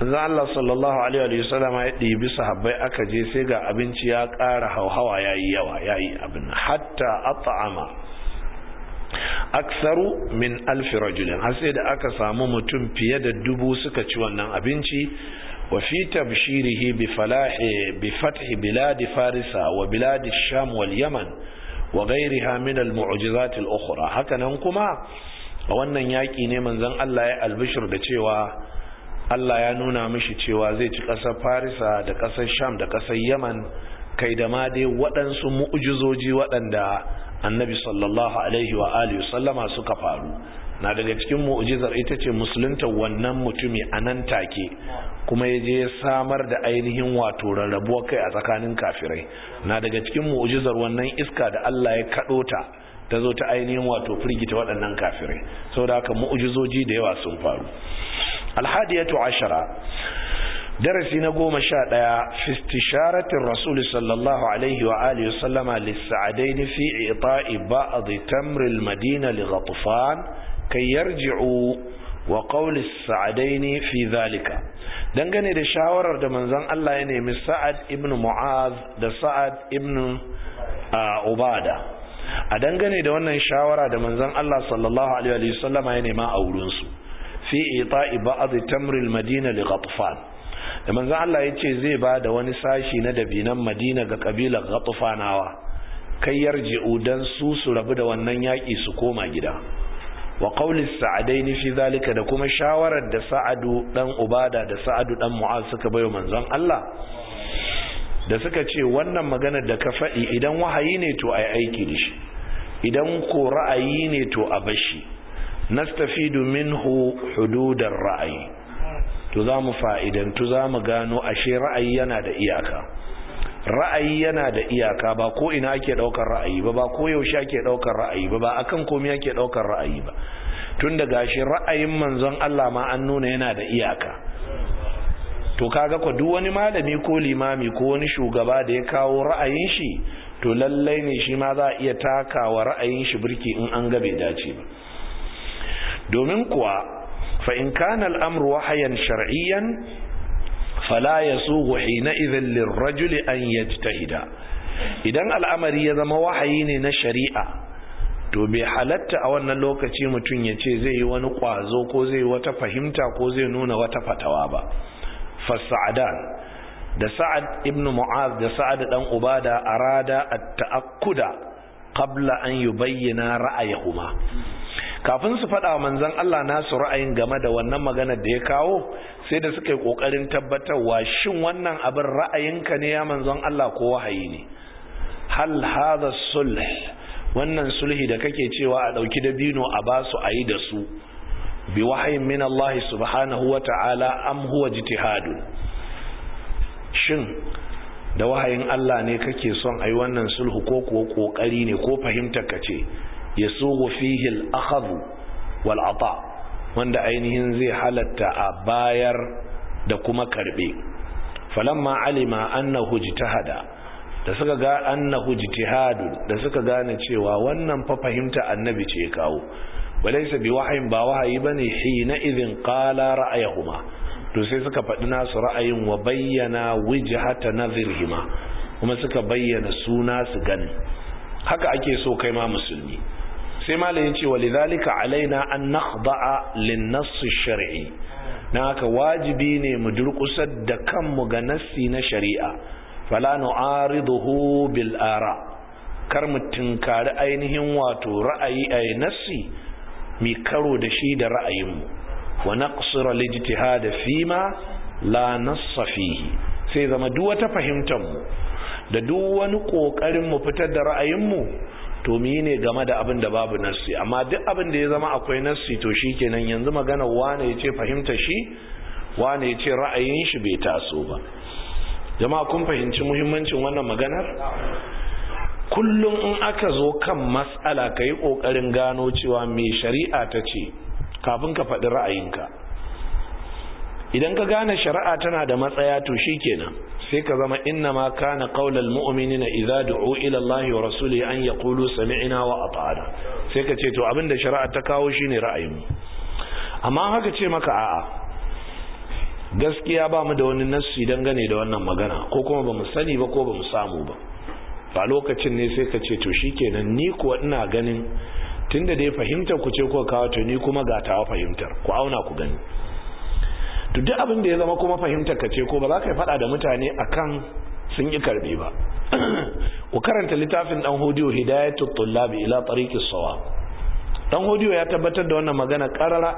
A: manzo Allah sallallahu alaihi wa ya ɗibi sahabbai aka je sai ga abinci ya ƙara hauhawa yayi yawa yayi abin hatta at'ama aksaru min alfi rajulin har sai da aka samu mutum fiye da dubu suka ci wannan abinci wa fi tabshirihi bi falahi bi fathi biladi farisa wa biladi sham wal yaman wa ghayriha min al mu'jizat al ukhra hakanan kuma a wannan yaki ne manzon Allah ya albishir da cewa Allah ya nuna mishi cewa zai ci ƙasar Farisa da ƙasar Sham da ƙasar Yaman kai da ma dai waɗansu mu'ujizoji waɗanda annabi sallallahu alaihi wa alihi sallama suka faru na daga cikin mu'ujizar ita ce musulunta wannan mutumi a nan take kuma ya je samar da ainihin wato rarrabuwar kai a tsakanin kafirai na daga cikin mu'ujizar wannan iska da Allah ya kaɗo ta ta zo ta ainihin wato firgita waɗannan kafirai saboda haka mu'ujizoji da yawa sun faru alhadiyatu ashara darasi na goma sha ɗaya fistisharatin rasulu sallallahu alaihi wa alihi sallama lissa'adaini fi ita'i ba'd tamril madina li ghatfan kai yarji'u wa qawli sa'adaini fi zalika dangane da shawarar da manzon Allah ya nemi Sa'ad ibn Mu'az da Sa'ad ibn Ubada a dangane da wannan shawara da manzon Allah sallallahu alaihi wa sallama ya nema a wurin su fi ita'i ba'd tamril madina li ghatfan da manzo Allah yace zai ba da wani sashi na dabinan madina ga kabilar ghatfanawa kai yarji'u dan su su rabu da wannan yaki su koma gida wa qawli sa'adaini fi zalika da kuma shawarar da sa'adu dan ubada da sa'adu dan mu'az suka bayo manzon Allah da suka ce wannan maganar da ka faɗi idan wahayi ne to ai aiki da shi idan ko ra'ayi ne to a bashi nastafidu minhu hududar ra'ayi to za mu fa'idantu za mu gano ashe ra'ayi yana da iyaka ra'ayi yana da iyaka ba ko ina ake daukar ra'ayi ba ba ko yaushe ake daukar ra'ayi ba ba akan komai ake daukar ra'ayi ba tun da gashi ra'ayin manzon Allah ma an nuna yana da iyaka to kaga ko duk wani malami ko limami ko wani shugaba da ya kawo ra'ayin shi to lallai ne shi ma za a iya takawa ra'ayin shi birki in an ga bai dace ba domin kuwa fain in kana al'amru wahayan shar'iyyan fala yasughu hina idhin lirrajuli an yajtahida idan al'amari ya zama wahayi ne na shari'a to bai halatta a wannan lokaci mutum ya ce zai yi wani kwazo ko zai wata fahimta ko zai nuna wata fatawa ba fasa'adan da sa'ad ibn mu'az da sa'ad Ɗan Uba da arada a ta'akuda ƙabla an bayyana ra'ayahuma kafin su faɗa manzon Allah nasu ra'ayin game da wannan maganar da ya kawo sai da suka yi ƙoƙarin tabbatarwa shin wannan abin ra'ayinka ne ya manzon Allah ko wahayi ne hal hadha sulh wannan sulhi da kake cewa a dauki dabino a basu ayi da su bi wahayin min Allah subhanahu wa ta'ala am huwa jitihadun shin da wahayin Allah ne kake son ayi wannan sulhu ko kuwa ƙoƙari ne ko fahimtar ka ce Ya fihi fihil akhadu wal ata wanda ainihin zai halatta a bayar da kuma karbe falamma alima annahu jitahada da suka ga annahu jitihadu da suka gane cewa wannan fa fahimta annabi ce kawo walaysa bi wahayin ba wahayi bane hina izin qala ra'ayahuma to sai suka faɗi nasu ra'ayin wa bayyana wijhata zirhima kuma suka bayyana suna su gani haka ake so kai ma musulmi sai malamin ce wa lidhalika alaina an nakhda'a lin nass shar'i na haka wajibi ne mu durkusar da kanmu ga nassi na shari'a fala nu'ariduhu bil ara kar mu tinkari ainihin wato ra'ayi ay eh, nassi mi karo da shi da ra'ayinmu wa naqsira lijtihad fima la nassa fihi sai zama duk wata fahimtar mu da duk wani kokarin mu fitar da ra'ayinmu to ne game da abin da babu nassi amma duk abin da ya zama akwai nassi to shi kenan yanzu magana wane ya ce fahimta shi wane ya ce ra'ayin shi bai taso ba jama'a kun fahimci muhimmancin wannan maganar kullum in aka zo kan mas'ala ka yi ƙoƙarin gano cewa mai shari'a ta ce kafin ka faɗi ra'ayinka idan ka gane shari'a tana da matsaya to shi kenan sai ka zama inna ma kana qaulal mu'minina idza du'u ila Allahi wa rasulihi an yaqulu sami'na wa ata'na sai ka ce to abinda shari'a ta kawo shine ra'ayin mu. amma haka ce maka a'a gaskiya ba mu da wani nassi dangane da wannan magana ko kuma ba mu sani ba ko ba mu samu ba ba lokacin ne sai ka ce to shikenan ni kuwa ina ganin tunda dai fahimtar ku ce ko kawo to ni kuma ga tawa fahimtar ku auna ku gani to duk abin da ya zama kuma fahimtar ka ce ko ba za ka faɗa da mutane akan sun yi karbi ba ku karanta littafin dan hodiyo hidayatul tullabi ila tariqis sawab dan hodiyo ya tabbatar da wannan magana karara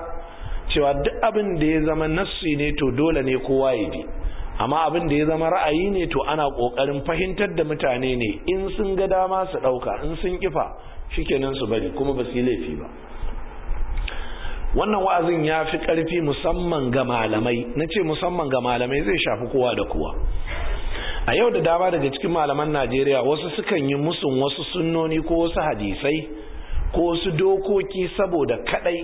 A: cewa duk abin da ya zama nassi ne to dole ne kowa ya ji amma abin da ya zama ra'ayi ne to ana kokarin fahimtar da mutane ne in sun ga dama su dauka in sun kifa shikenan su bari kuma ba su yi laifi ba wannan wa'azin ya fi ƙarfi musamman ga malamai na ce musamman ga malamai zai shafi kowa da kowa a yau da dama daga cikin malaman najeriya wasu sukan yi musun wasu sunnoni ko wasu hadisai ko wasu dokoki saboda kadai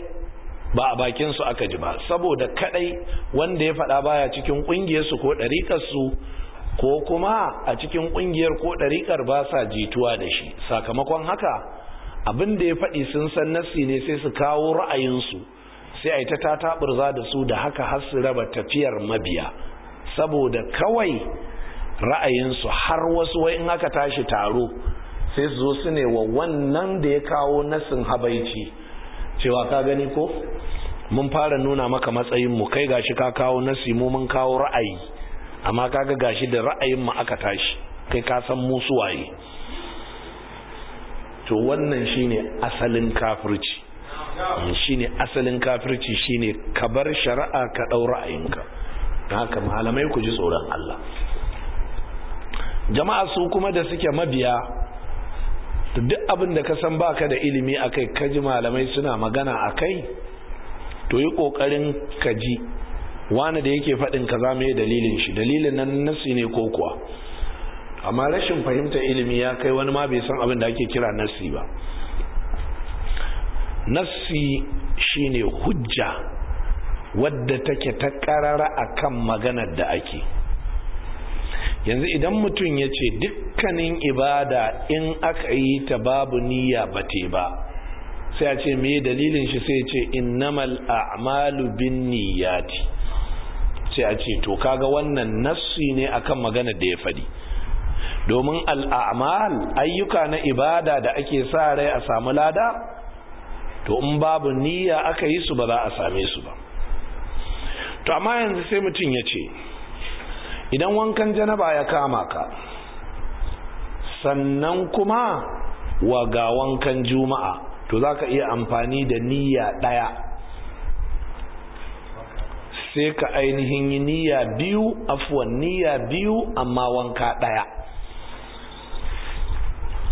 A: ba a bakin su aka ji ba saboda kadai wanda ya faɗa baya cikin ƙungiyarsu ko ɗariƙarsu ko kuma a cikin ƙungiyar ko ɗariƙar ba sa jituwa da shi sakamakon haka abin da ya faɗi sun san nassi ne sai su kawo ra'ayinsu sai a yi ta za da su da haka har su raba tafiyar mabiya saboda kawai ra'ayinsu har wasu wai in aka tashi taro sai su zo su ne wa wannan da ya kawo nasin habaici cewa ka gani ko mun fara nuna maka matsayinmu kai gashi ka kawo nasi mu mun kawo ra'ayi amma kaga gashi da ra'ayinmu aka tashi kai ka san mu suwaye to wannan shine asalin kafirci shine asalin kafirci shine ka bar shari'a ka ɗau ra'ayinka haka malamai ku ji tsoron Allah jama'a su kuma da suke mabiya duk abin da ka san baka da ilimi akai kaji malamai suna magana akai to yi kokarin ji wani da yake faɗin ka za mu yi dalilin shi dalilin nan nasi ne ko kuwa amma rashin fahimtar ilimi ya kai wani ma bai san abin da ake kira nasi ba nassi shine hujja wadda take ta karara akan maganar da ake yanzu idan mutum ya ce dukkanin ibada in aka yi ta babu niyya ba te ba sai a ce me dalilin shi sai ce innamal a'malu bin niyyati sai a ce to kaga wannan nassi ne akan magana da ya fadi domin al'amal ayyuka na ibada da ake sa rai a samu lada to in babu niyya aka yi su ba za a same su ba to amma yanzu sai mutum ya ce idan wankan janaba ya kama ka sannan kuma wa ga wankan juma'a to za ka iya amfani da niyya ɗaya sai ka ainihin yi niyya biyu afuwan niyya biyu amma wanka ɗaya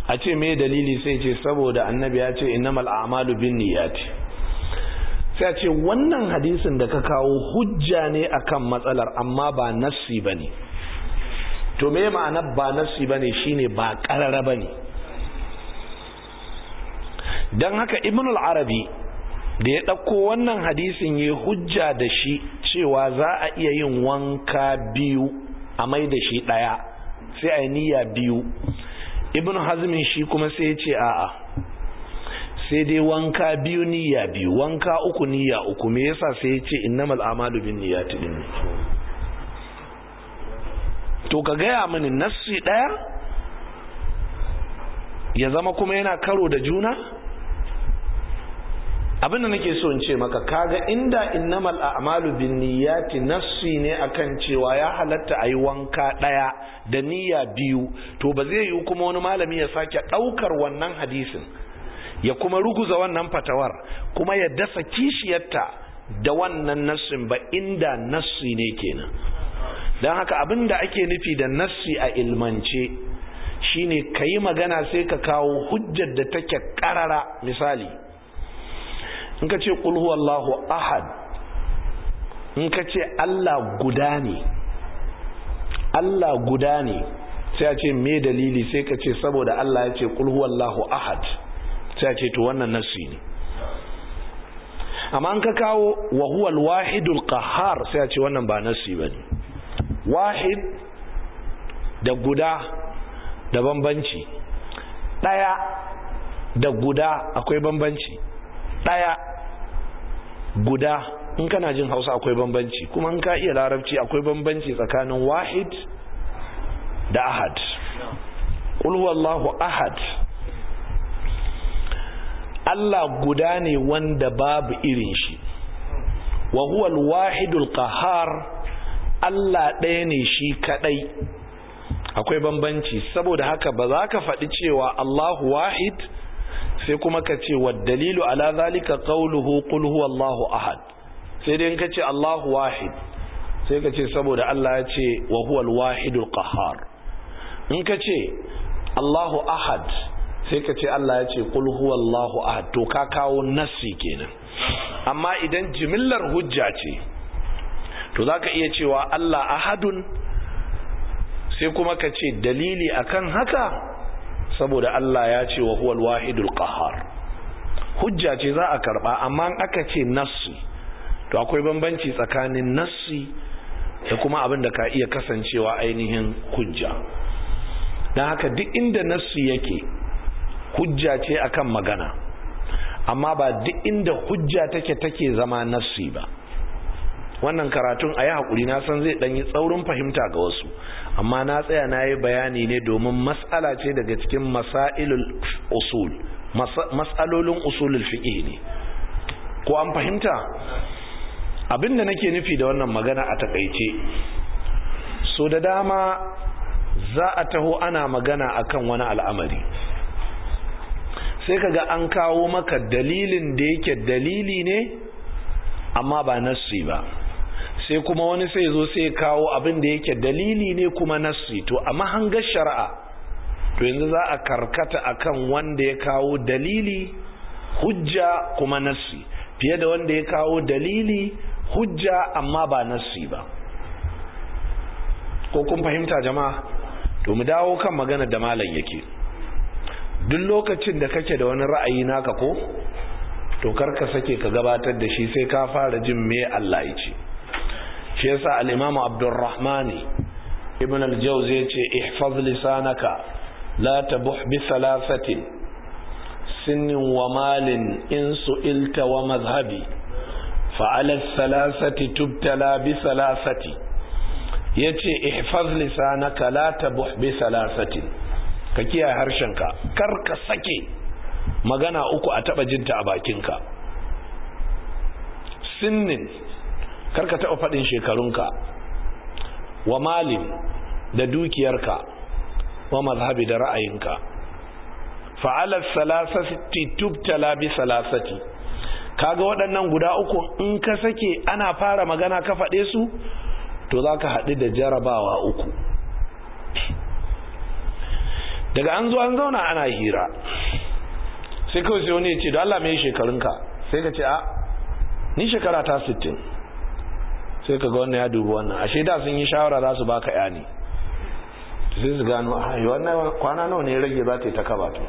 A: a ce mai dalili sai ce saboda annabi ya ce innamal a'malu binniyati sai ce wannan hadisin da ka kawo hujja ne akan matsalar amma ba nassi bane to me ma'ana ba nassi bane shine ba karara bane dan haka ibn al-arabi da ya ɗauko wannan hadisin ya hujja da shi cewa za a iya yin wanka biyu a mai da shi ɗaya sai a yi niyya biyu ibn hazmin shi kuma sai ya ce a'a sai dai wanka biyu niyya biyu wanka uku niyya uku me yasa sai ya ce innamal amalu bin niyyati din to ka gaya mini nassi daya ya zama kuma yana karo da juna abin da nake so in ce maka kaga inda innamal a'malu niyyati nafsi ne akan cewa ya halatta ayi wanka daya da niyya biyu to ba zai yi kuma wani malami ya sake ɗaukar wannan hadisin ya kuma ruguza wannan fatawar kuma ya dasa kishiyarta da wannan nassin ba inda nassi ne kenan don haka abin da ake nufi da nassi a ilmance shine kayi magana sai ka kawo hujjar da take karara misali in ka ce qul ahad in ka ce Allah guda ne Allah guda ne sai a ce me dalili sai ka ce saboda Allah ya ce qul ahad sai a ce to wannan nasi ne amma an ka kawo wa huwa wahidul ƙahar sai a ce wannan ba nasi ne. wahid da guda da bambanci ɗaya da guda akwai bambanci ɗaya. guda in kana jin hausa akwai bambanci kuma in ka iya larabci akwai bambanci tsakanin wahid da ahad ƙul ahad Allah guda ne wanda babu irin shi wa huwa wahidul kahar Allah ɗaya ne shi kaɗai akwai bambanci saboda haka ba za ka faɗi cewa Allahu wahid sai kuma ka ce wa dalilu ala zalika qawluhu qul huwallahu ahad sai dai ka ce Allahu wahid sai ka ce saboda Allah ya ce wa huwal wahidul qahhar in ka ce Allahu ahad sai ka ce Allah ya ce qul huwallahu ahad to ka kawo nasi kenan amma idan jimillar hujja ce to zaka iya cewa Allah ahadun sai kuma ka ce dalili akan haka saboda Allah ya ce wa huwal wahidul qahar hujja ce za a karba amma aka ce nassi to akwai bambanci tsakanin nassi da kuma abin da ka iya kasancewa ainihin hujja dan haka duk inda nassi yake hujja ce akan magana amma ba duk inda hujja take take zama nassi ba wannan karatun a yi haƙuri na san zai ɗanyi tsaurin fahimta ga wasu amma na tsaya na yi bayani ne domin matsala ce daga cikin matsalolin usulul fiƙi ne ko an fahimta abinda nake nufi da wannan magana a takaice so da dama za a taho ana magana akan wani al'amari sai kaga an kawo maka dalilin da yake dalili ne amma ba nassi ba sai kuma wani sai zo sai kawo abin da yake dalili ne kuma nassi to a mahangar shari'a to yanzu za a karkata akan wanda ya kawo dalili hujja kuma nassi fiye da wanda ya kawo dalili hujja amma ba nassi ba ko kun fahimta jama'a to mu dawo kan magana da malam yake duk lokacin da kake da wani ra'ayi naka ko to karka sake ka gabatar da shi sai ka fara jin me Allah ya ce shi yasa al-imamu abdurrahmani ibn al-jawzi yace ihfaz lisanaka la tabuh bi thalathatin sinnin wa malin in su'ilta wa mazhabi fa ala thalathati tubtala bi thalathati yace ihfaz lisanaka la tabuh bi thalathatin ka kiyaye harshenka kar ka sake magana uku a taba jinta a bakinka sinnin karka taɓa faɗin shekarunka wa malin da dukiyarka wa mazhabi da ra'ayinka fa'alar salasati tubtala bi salasati kaga waɗannan guda uku in ka sake ana fara magana ka faɗe su to za ka haɗu da jarabawa uku daga an zo an zauna ana hira sai kawai sai wani ya ce da Allah mai shekarunka sai ka ce a ni shekara ta sittin. sai ka ga wannan ya dubi wannan ashe da sun yi shawara za su baka yani. sai su gano a ah, yi wannan kwana nawa ne rage za ta yi ta kaba to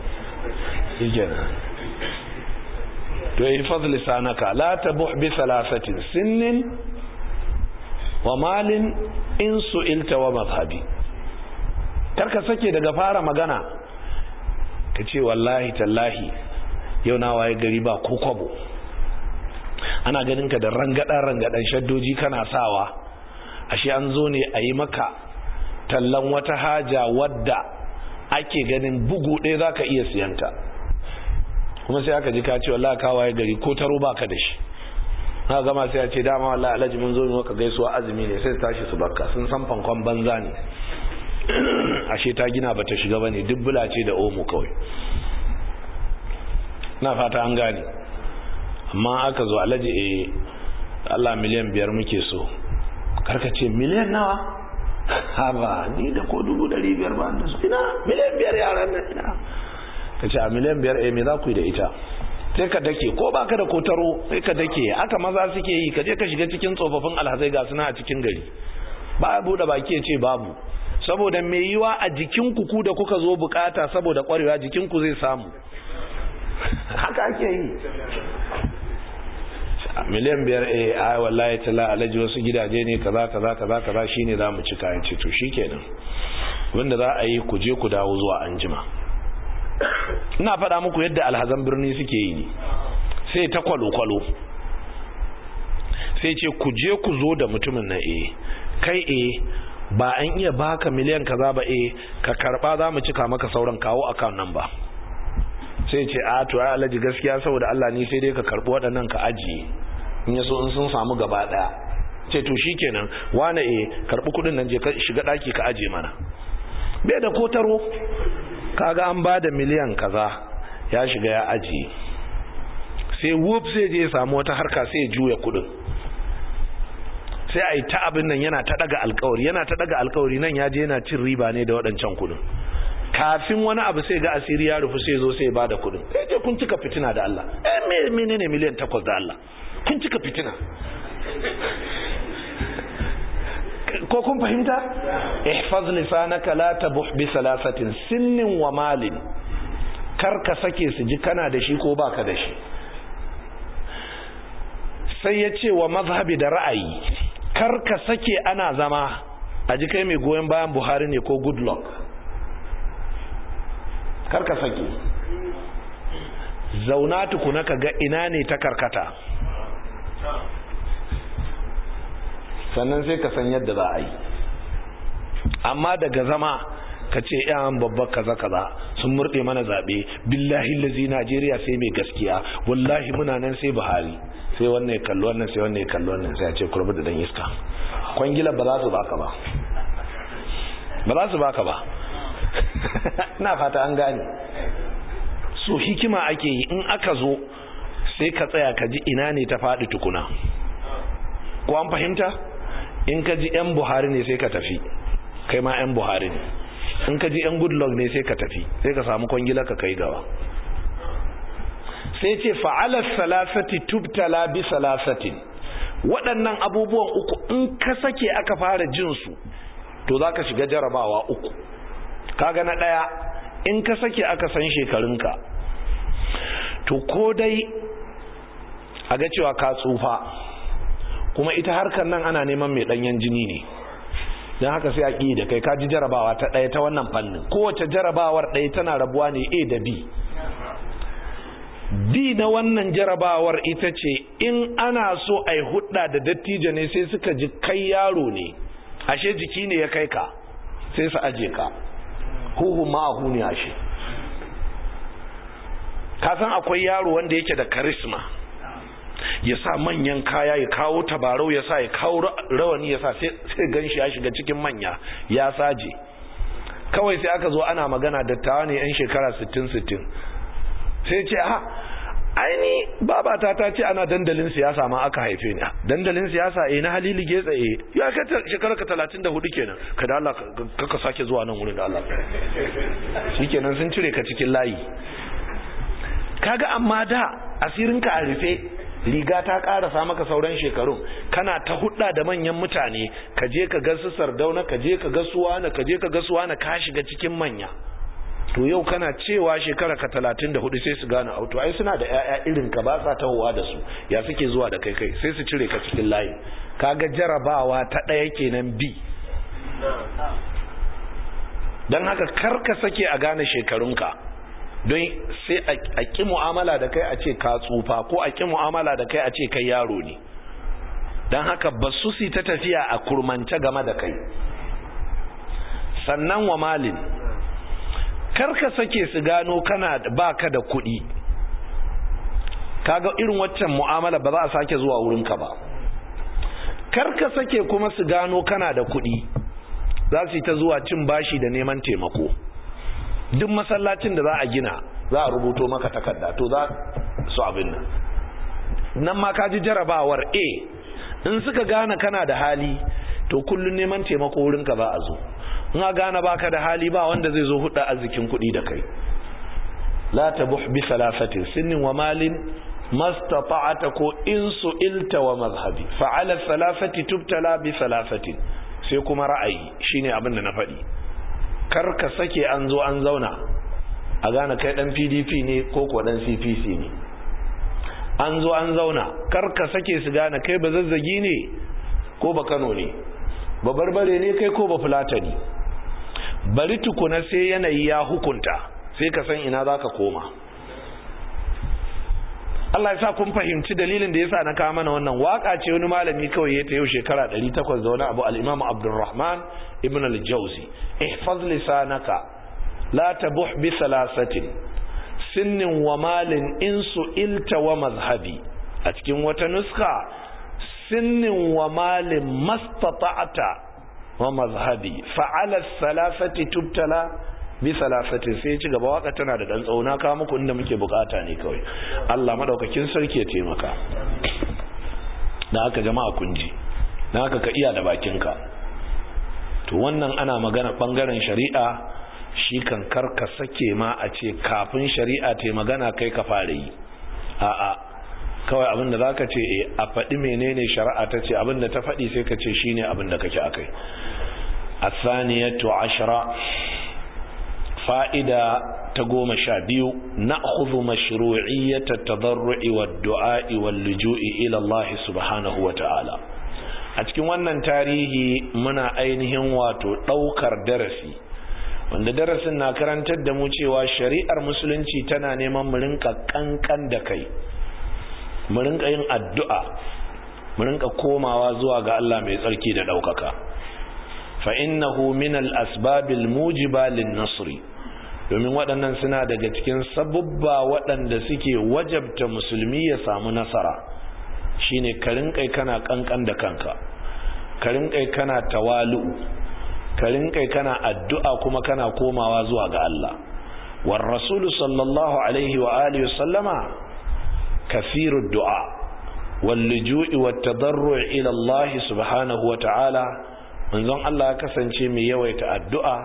A: igiyana to yi fadli sanaka la ta bi salasatin sinnin wa malin in su ilta wa mazhabi karka sake daga fara magana ka ce wallahi tallahi yau na waye gari ba ko kwabo ana ganin ka da rangadan rangadan shaddoji kana sawa ashe an zo ne a yi maka tallan wata haja wadda ake ganin bugu ɗaya zaka iya siyanta kuma sai aka ji ka ce wallahi waye gari ko taro baka da shi na gama sai ya ce dama wallahi alhaji mun zo mu maka gaisuwa azumi ne sai tashi su bakka sun san fankon banza ne ashe ta gina bata shiga bane dubbula ce da omo kawai na fata an gane amma aka zo alaji eh Allah miliyan biyar muke so karka ce miliyan nawa haba ni da ko dubu dari biyar ba da su ina miliyan biyar yaran nan ina ka ce a miliyan biyar eh me za ku yi da ita sai ka dake ko ba ka da kotaro sai ka dake aka maza suke yi ka je ka shiga cikin tsofaffin alhazai ga suna a cikin gari ba a buɗe baki ya ce babu saboda mai yiwa a jikin ku da kuka zo bukata saboda kwarewa jikin ku zai samu
B: haka ake yi
A: miliyan biyar a eh, a wallahi tala alaji wasu gidaje ne kaza kaza kaza kaza za zamu ci kayan ce to kenan wanda za a yi ku je ku dawo zuwa anjima ina faɗa muku yadda alhazan birni suke yi sai ta kwalo-kwalo sai ce ku je ku zo da mutumin na eh kai eh ba an iya baka miliyan kaza ba eh ka karba za mu cika maka sauran kawo nan ba. sai ce a to ya alaji gaskiya saboda Allah ni sai dai ka karbi waɗannan ka ajiye in ya so in sun samu gaba ɗaya ce to shikenan wane eh karbi kuɗin nan je ka shiga ɗaki ka ajiye mana bai da kotaro kaga an bada miliyan kaza ya shiga ya ajiye sai wuf sai je ya samu wata harka sai ya juya kuɗin sai a yi ta abin nan yana ta daga alkawari yana ta daga alkawari nan ya je yana cin riba ne da waɗancan kuɗin kafin wani abu sai ga asiri ya rufu sai zo sai ba da kudin sai ce kun cika fitina da Allah eh mene ne miliyan takwas da Allah kun cika fitina ko kun fahimta ihfaz lisanaka la tabuh bi salasatin sinnin wa malin kar ka sake su ji kana da shi ko baka da shi sai ya ce wa mazhabi da ra'ayi kar ka sake ana zama a ji kai mai goyon bayan Buhari ne ko Goodluck karka sake zauna tukuna ka ga ina ne ta karkata sannan sai ka san yadda za a yi amma daga zama ka ce yan babbar kaza kaza sun murɗe mana zaɓe billahi lazi najeriya sai mai gaskiya wallahi muna nan sai buhari sai wannan ya kallo wannan sai wannan ya kallo wannan sai a ce kurbi da dan iska kwangila ba za su baka ba ba za su baka ba na fata an gane so hikima ake yi in aka zo sai ka tsaya ka ji ina ne ta faɗi tukuna ko an fahimta in ka ji 'yan buhari ne sai ka tafi kai ma 'yan buhari ne in ka ji 'yan goodluck ne sai ka tafi sai ka samu kwangila ka kai gaba sai ce fa'alar salasati tubtala bi Salasatin. waɗannan abubuwan uku in ka sake aka fara jinsu to za ka shiga jarabawa uku kaga na ɗaya in ka sake aka san shekarunka to ko dai a ga cewa ka tsufa kuma ita harkar nan ana neman mai ɗanyen jini ne don haka sai a ƙi da kai kaji jarabawa ta ɗaya ta wannan fannin kowace jarabawar ɗaya tana rabuwa ne a da b b na wannan jarabawar ita ce in ana so a yi hudda da dattijo ne sai suka ji kai yaro ne ashe jiki ne ya kai ka sai su aje ka huhu ma'ahu a shi kasan akwai yaro wanda yake da karisma ya sa manyan kaya ya kawo tabarau ya sa ya kawo rawani ya sa sai gan shi ya shiga cikin manya ya saje kawai sai aka zo ana magana dattawa ne yan shekara 60-60 sai ce ha ah, aini babata ta ce ana dandalin siyasa ma aka haife ni dandalin siyasa eh na halili ge tsaye eh. ya ka shekarar ka 34 kenan ka da Allah ka ka sake zuwa nan wurin da Allah kenan sun cire ka cikin layi kaga amma da asirin ka a rufe riga ta karasa maka sauran shekarun kana ta hudda da manyan mutane ka je ka ga su sardauna ka je ka ga suwana ka je ka ga suwana ka shiga cikin manya to yau kana cewa shekara ka talatin da hudu sai su gane auto ai suna da 'ya'ya irin ka ba sa tahowa da su ya suke zuwa da kai kai sai su cire ka cikin layi kaga jarabawa ta ɗaya kenan bi don haka kar ka sake a gane shekarunka don sai a ki mu'amala da kai a ce ka tsufa ko a ƙi mu'amala da kai a ce kai yaro ne don haka basusi ta tafiya a kurmance game da kai sannan wa malin karka sake su gano kana ba ka da kuɗi kaga irin waccan mu'amala ba za a sake zuwa wurinka ba kar ka sake kuma su gano kana da kuɗi za su yi ta zuwa cin bashi da neman taimako duk masallacin da za a gina za a rubuto maka takarda to za su abin nan nan ma ka ji jarabawar a in suka gane kana da hali to kullun neman taimako wurinka za a zo in a gane baka da hali ba wanda zai zo huɗa arzikin kuɗi da kai la tabuh bi salasatin sinnin wa malin mastata'ata ko in ilta wa mazhabi ala salasati tubtala bi salasatin sai kuma ra'ayi shine abin da na faɗi kar ka sake an zo an zauna a gane kai dan PDP ne ko ko dan CPC ne an zo an zauna kar ka sake su gane kai ba zazzagi ne ko ba Kano ne ba barbare ne kai ko ba Fulatani bari tukuna sai yanayi ya hukunta sai ka san ina za ka koma Allah ya sa kun fahimci dalilin da ya sa na kawo mana wannan waka ce wani malami kawai ya ta yau shekara 800 da wani abu al-Imam Abdulrahman ibn al-Jawzi ihfaz lisanaka la tabuh bi salasatin sinnin wa malin in ilta wa mazhabi a cikin wata nuska sinnin wa malin mastata'ata wa mazhabi fa'ala salafati tubtala bi sai ci gaba waka tana da dan tsauna ka muku inda muke bukata ne kawai Allah madaukakin sarki ya taimaka da haka jama'a kun ji da haka ka iya da bakinka to wannan ana magana bangaren shari'a shi kan karka sake ma a ce kafin shari'a ta magana kai ka fara yi a'a kawai abin da zaka ce eh, a faɗi menene shari'a ta ce abin da ta faɗi sai ka ce shine abin da kake akai asaniyatu ashra fa'ida ta goma sha biyu na hudu mashru'iyyatar tadarru'i wa du'a'i wa luju'i ilallahi subhanahu wa ta'ala a cikin wannan tarihi muna ainihin wato ɗaukar darasi wanda darasin na karantar da mu cewa shari'ar musulunci tana neman mu rinka kankan da kai mu rinka yin addu'a mu rinka komawa zuwa ga Allah mai tsarki da daukaka fa innahu min al asbabil mujiba lin nasri domin waɗannan suna daga cikin sabubba waɗanda suke wajabta musulmi ya samu nasara shine ka rinka kana kankan da kanka ka rinka kana tawalu ka rinka kana addu'a kuma kana komawa zuwa ga Allah war rasulu sallallahu alaihi wa alihi sallama kafirud du'a wal luju'i wat tadarru' ila Allah subhanahu wa ta'ala manzon Allah kasance mai yawaita addu'a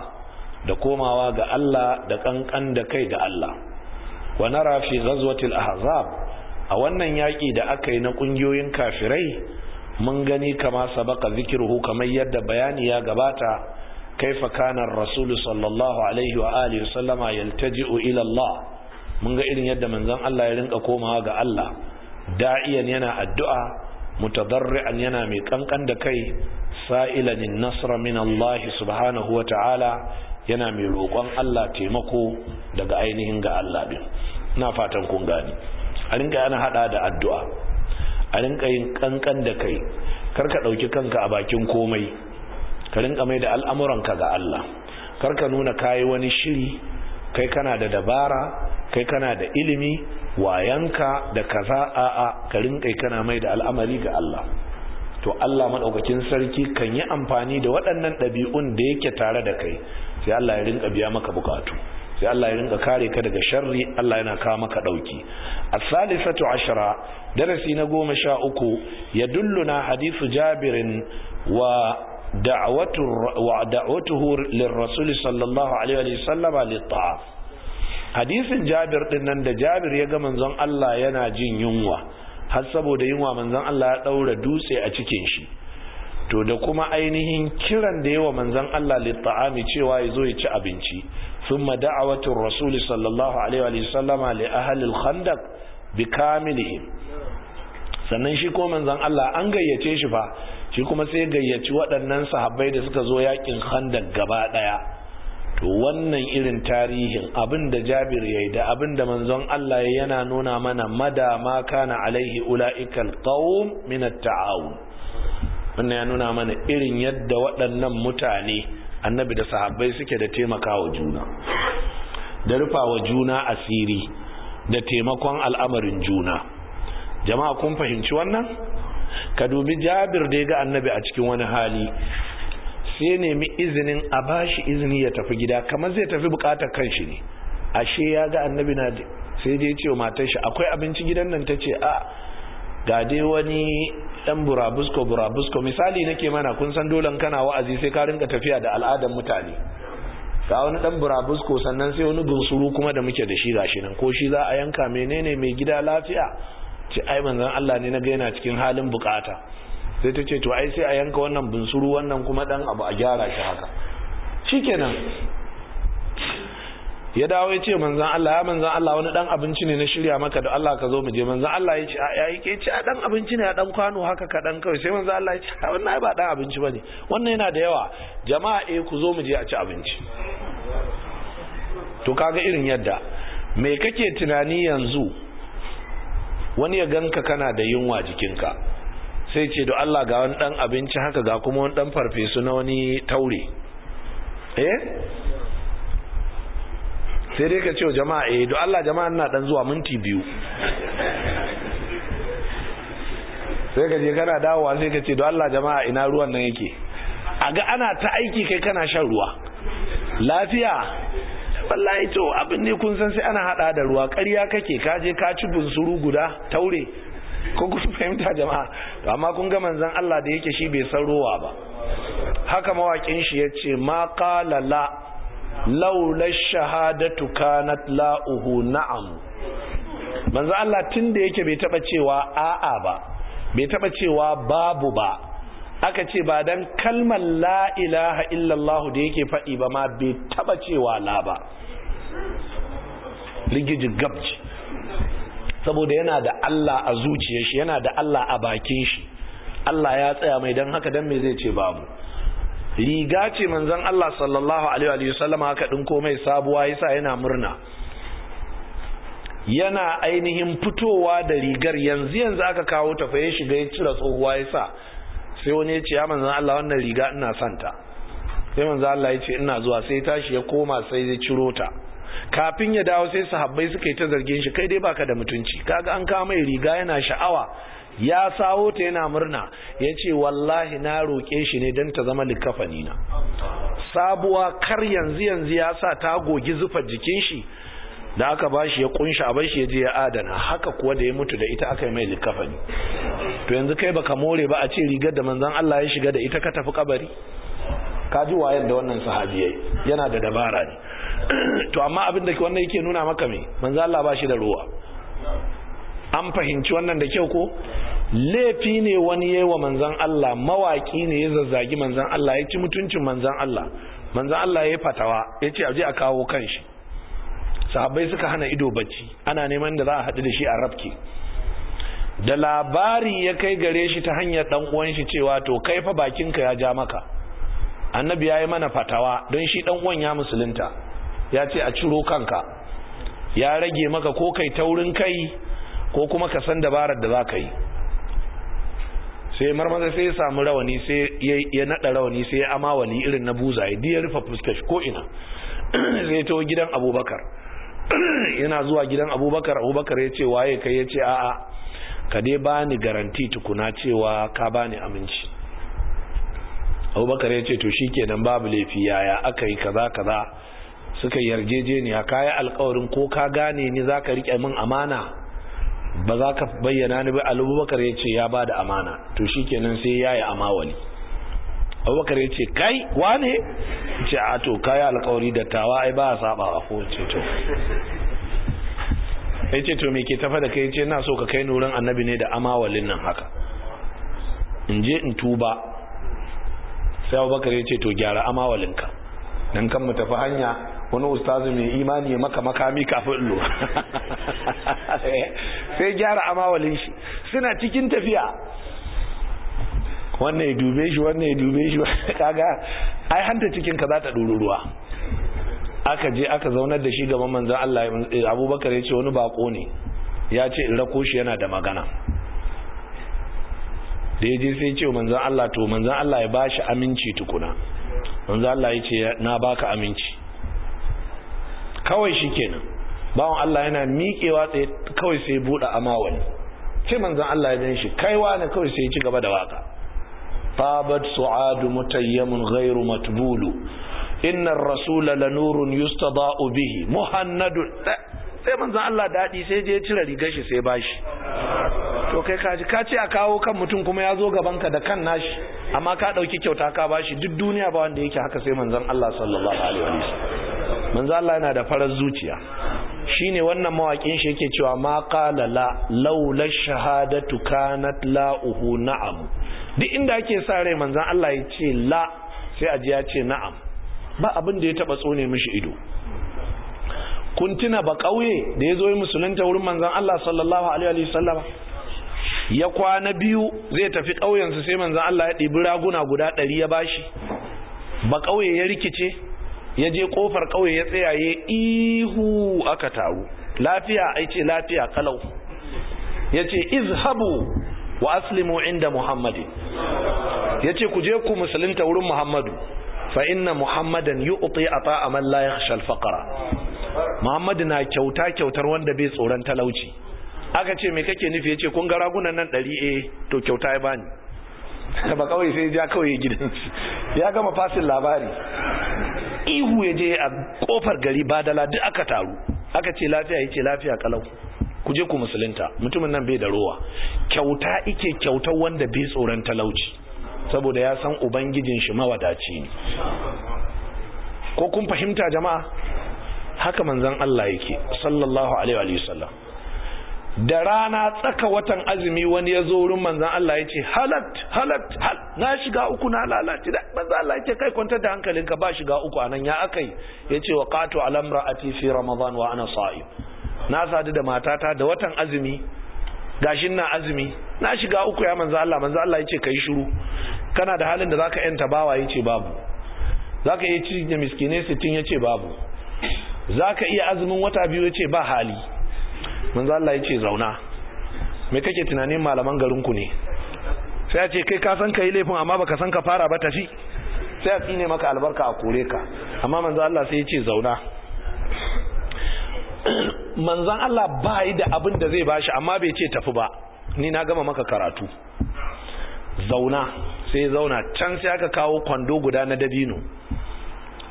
A: da komawa ga Allah da kankan da kai da Allah wa nara fi ghazwatil ahzab a wannan yaki da aka yi na ƙungiyoyin kafirai mun gani kama sabaka zikiruhu kamar yadda bayani ya gabata kaifa kana ar sallallahu alaihi wa alihi sallama yaltaji'u ila mun ga irin yadda manzon Allah ya rinka komawa ga Allah da'iyan yana addu'a mutadarri'an yana mai kankan da kai sa'ilan nasra min Allah subhanahu wa ta'ala yana mai roƙon Allah taimako daga ainihin ga Allah din ina fatan kun gani a rinka yana hada da addu'a a rinka yin kankan da kai karka dauki kanka a bakin komai ka rinka mai da al'amuranka ga Allah karka nuna kai wani shiri kai kana da dabara kai kana da ilimi wayanka da kaza a ka rinkai kana mai da al'amari ga Allah to Allah madaukakin sarki kan yi amfani da waɗannan ɗabi'un da yake tare da kai sai Allah ya rinka biya maka bukatu sai Allah ya rinka kare ka daga sharri Allah yana kawo maka dauki as-salisatu ashara darasi na goma sha uku ya dulluna hadithu jabirin wa da'watuhu lirrasul sallallahu alaihi wa sallama litta'af hadisin jabir din nan da jabir ya ga manzon Allah yana jin yunwa har saboda yunwa manzon Allah ya daura dutse a cikin shi to da kuma ainihin kiran da yawa manzon Allah litta'ami cewa ya zo ya ci abinci thumma da'watu rasul sallallahu alaihi wa sallama li ahli al-khandaq kamilihim sannan shi ko manzon Allah an gayyace shi fa shi kuma sai gayyaci waɗannan sahabbai da suka zo yakin handa gaba ɗaya to wannan irin tarihin abin da jabir ya yi da abin da manzon Allah ya yana nuna mana mada ma kana alaihi ula'ikal qawm min at-ta'awun wannan ya nuna mana irin yadda waɗannan mutane annabi da sahabbai suke da taimakawa juna da rufawa juna asiri da taimakon al'amarin juna jama'a kun fahimci wannan ka dubi jabir da ya ga annabi a cikin wani hali sai nemi izinin a bashi izini ya tafi gida kamar zai tafi bukatar kanshi ne ashe ya ga annabi na sai dai ce matar shi akwai abinci gidan nan ta ce a ga dai wani dan burabusko burabusko misali nake mana kun san dolan kana wa'azi sai ka rinka tafiya da al'adar mutane ga wani dan burabusko sannan sai wani gunsuru kuma da muke da shi gashi nan ko shi za a yanka menene mai gida lafiya ce ai manzon Allah ne na ga yana cikin halin bukata sai ta ce to ai sai a yanka wannan bunsuru wannan kuma dan abu a gyara shi haka shikenan ya dawo ya ce manzan Allah ya manzan Allah wani dan abinci ne na shirya maka da Allah ka zo mu je manzan Allah ya ce yayi ke ce a dan abinci ne a dan kwano haka ka dan kawai sai manzan Allah ya ce a wannan ba dan abinci bane wannan yana da yawa jama'a eh ku zo mu je a ci abinci to kaga irin yadda me kake tunani yanzu wani ya ganka kana da yunwa jikinka sai ce da Allah ga wani dan abinci haka ga kuma wani dan farfesu na wani taure eh sai dai ka ce wa jama'a eh da Allah jama'a na dan zuwa minti biyu sai ka je kana dawowa sai ka ce da Allah jama'a ina ruwan nan yake a ga ana ta aiki kai kana shan ruwa lafiya wallahi to abin ne kun san sai ana hada da ruwa ƙarya kake ka je ka ci bunsuru guda taure ko ku fahimta jama'a to amma kun ga manzon Allah da yake shi bai san ruwa ba haka mawakin shi yace ma qala la laula shahadatu kanat la'uhu na'am manzon Allah tunda yake bai taba cewa a'a ba bai taba cewa babu ba aka ce ba dan kalmar la ilaha da yake faɗi ba ma bai taba cewa la ba ligiji gabji saboda yana da Allah a zuciya shi yana da Allah a bakin shi Allah ya tsaya mai dan haka dan mai zai ce babu riga ce manzan Allah sallallahu alaihi Wasallama aka dinko mai sabuwa yasa yana murna yana ainihin fitowa da rigar yanzu yanzu aka kawo ta ya shiga ya cire tsohuwa yasa sai wani ya ce ya manzan Allah wannan riga ina santa sai manzan Allah ya ce ina zuwa sai tashi ya koma sai ya ciro ta kafin ya dawo sai sahabbai suka yi ta zargin shi kai dai baka da mutunci kaga an kawo mai riga yana sha'awa ya sawo ta yana murna ya ce wallahi na roƙe shi ne don ta zama likafani na sabuwa kar yanzu yanzu ya sa ta gogi zufa jikin shi da aka ba shi ya kunshi a bashi ya je ya adana haka kuwa da ya mutu da ita aka yi mai likafani to yanzu kai baka more ba a ce rigar da manzan Allah ya shiga da ita ka tafi kabari ka ji wayan da wannan sahabiyai yana da dabara ne to amma abin da wannan yake nuna maka me manzan Allah ba shi da ruwa an fahimci wannan da kyau ko laifi ne wani yayi wa manzan Allah mawaki ne ya zazzagi manzon Allah ya ci mutuncin manzon Allah manzan Allah ya fatawa ya ce aje a kawo kanshi sahabbai suka hana ido bacci ana neman da za a haɗu da shi a rafke da labari ya kai gare shi ta hanyar dan uwan shi cewa to kai fa bakinka ya ja maka annabi ya yi mana fatawa don shi dan uwan ya musulunta ya ce a ciro kanka ya rage maka ko kai taurin kai ko kuma ka san dabarar da za ka yi sai marmaza sai ya samu rawani sai ya naɗa rawani sai ya amawali irin na buzaye ya ya rufe fuskash ko ina sai to gidan abubakar yana zuwa gidan abubakar abubakar ya ce waye kai ya ce a'a ka dai ba ni garanti tukuna cewa ka ba ni aminci abubakar ya ce to shi ke nan babu laifi yaya aka yi kaza kaza suka yarjejeniya kayi alkawarin ko ka gane ni za ka riƙe min amana ba za ka bayyana ni ba abubakar ya ce ya ba da amana to shi ke nan sai ya yi amawali abubakar ya ce kai wane ce a to kayi alkawari da tawa ai ba a sabawa ko ce to ya ce to me ke tafa da kai ce na so ka kai nurin annabi ne da amawalin nan haka in je in tuba sai abubakar ya ce to gyara amawalinka don kan mu tafi hanya wani ustazu mai imani maka makami kafin lo eh, sai gyara amawalin shi suna cikin tafiya wannan ya dube shi wannan ya dube shi kaga ai hanta cikin ka za ta ruwa aka je aka zaunar da shi ga manzon Allah Abubakar ya ce wani bako ne ya ce in rako shi yana da magana da ya je sai ce manzon Allah to manzon Allah ya bashi aminci tukuna manzon Allah ya ce na baka aminci kawai kenan bawon Allah yana miƙewa tsaye kawai sai buɗe amawani ce manzon Allah ya gan shi kaiwa ne kawai sai ya ci gaba da waka طابت سعاد متيم غير مطبول إن الرسول لنور يستضاء به مهند sai manzan Allah daɗi sai je cire rigar shi sai bashi to kai kaji ka ce a kawo kan mutum kuma ya zo gabanka da kan nashi amma ka ɗauki kyauta ka bashi duk duniya ba wanda yake haka sai manzan Allah sallallahu alaihi sallam manzan Allah yana da farar zuciya shine wannan mawakin shi yake cewa ma qala la laula shahadatu kanat la uhu na'am duk inda ake sa rai manzan Allah ya ce la sai a ya ce na'am ba abin da ya taba tsone mishi ido kun tuna ba kauye da ya zo yi musulunta wurin manzan Allah sallallahu alaihi wa sallama ya kwana biyu zai tafi ƙauyensu sai manzan Allah ya dibi raguna guda ɗari ya bashi ba kauye ya rikice ya je ƙofar ƙauye ya tsayaye ihu aka taru lafiya ai ce lafiya kalau yace ce izhabu wa aslimu inda muhammadin Ya ce ku je ku musulunta wurin Muhammadu fa inna Muhammadan a ata'a man la ya al-faqra Muhammadu na kyauta kyautar wanda bai tsoron talauci aka ce me kake nufi ce kun ga ragunan nan ɗari a eh, to kyauta ya bani ba kawai sai ya kawai gidansu ya gama fasin labari ihu ya je a kofar gari badala duk aka taru aka ce lafiya ya ce lafiya kalau ku je ku musulunta mutumin nan bai da rowa kyauta ike kyautar wanda bai tsoron talauci saboda ya san ubangijin shi mawadaci ne ko kun fahimta jama'a haka manzon Allah yake sallallahu alaihi wa sallam da rana tsaka watan azumi wani ya zo wurin manzan Allah ya ce halat halat hal na shiga uku na lalace da manzan Allah ya ce kai kwantar da hankalinka ba shiga uku anan ya akai ya ce wa qatu alamra ati fi ramadan wa ana sa'im na sadu da matata da watan azumi gashin na azumi na shiga uku ya manzo Allah manzo Allah yace kai shiru kana da halin da zaka yanta bawa yace babu zaka iya ci da miskine 60 yace babu zaka iya azumin wata biyu yace ba hali manzo Allah yace zauna me kake tunanin malaman garin ku ne sai yace kai ka san kai laifin amma baka san ka fara ba tafi sai a tsine maka albarka a kore ka amma manzo Allah sai yace zauna manzan Allah ba yi da abin da zai bashi amma bai ce tafi ba ni na gama maka karatu zauna sai zauna can sai aka kawo kwando guda na dabino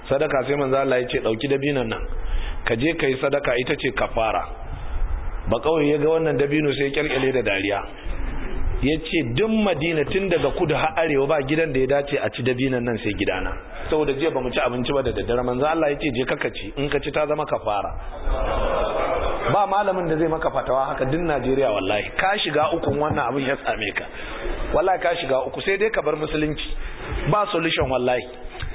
A: sadaka sai manzan Allah ya ce dauki dabinon nan ka je kai sadaka ita ce kafara ba kawai ya ga wannan dabino sai kyalkyale da dariya ya ce duk madina tun daga kudu har arewa ba gidan da ya dace a ci dabinan nan sai gidana saboda jiya ba mu ci abinci ba da daddare manzo Allah ya ce je kaka ci in ka ci ta zama kafara ba malamin da zai maka fatawa haka duk Najeriya wallahi ka shiga uku wannan abin ya same ka wallahi ka shiga uku sai dai ka bar musulunci ba solution wallahi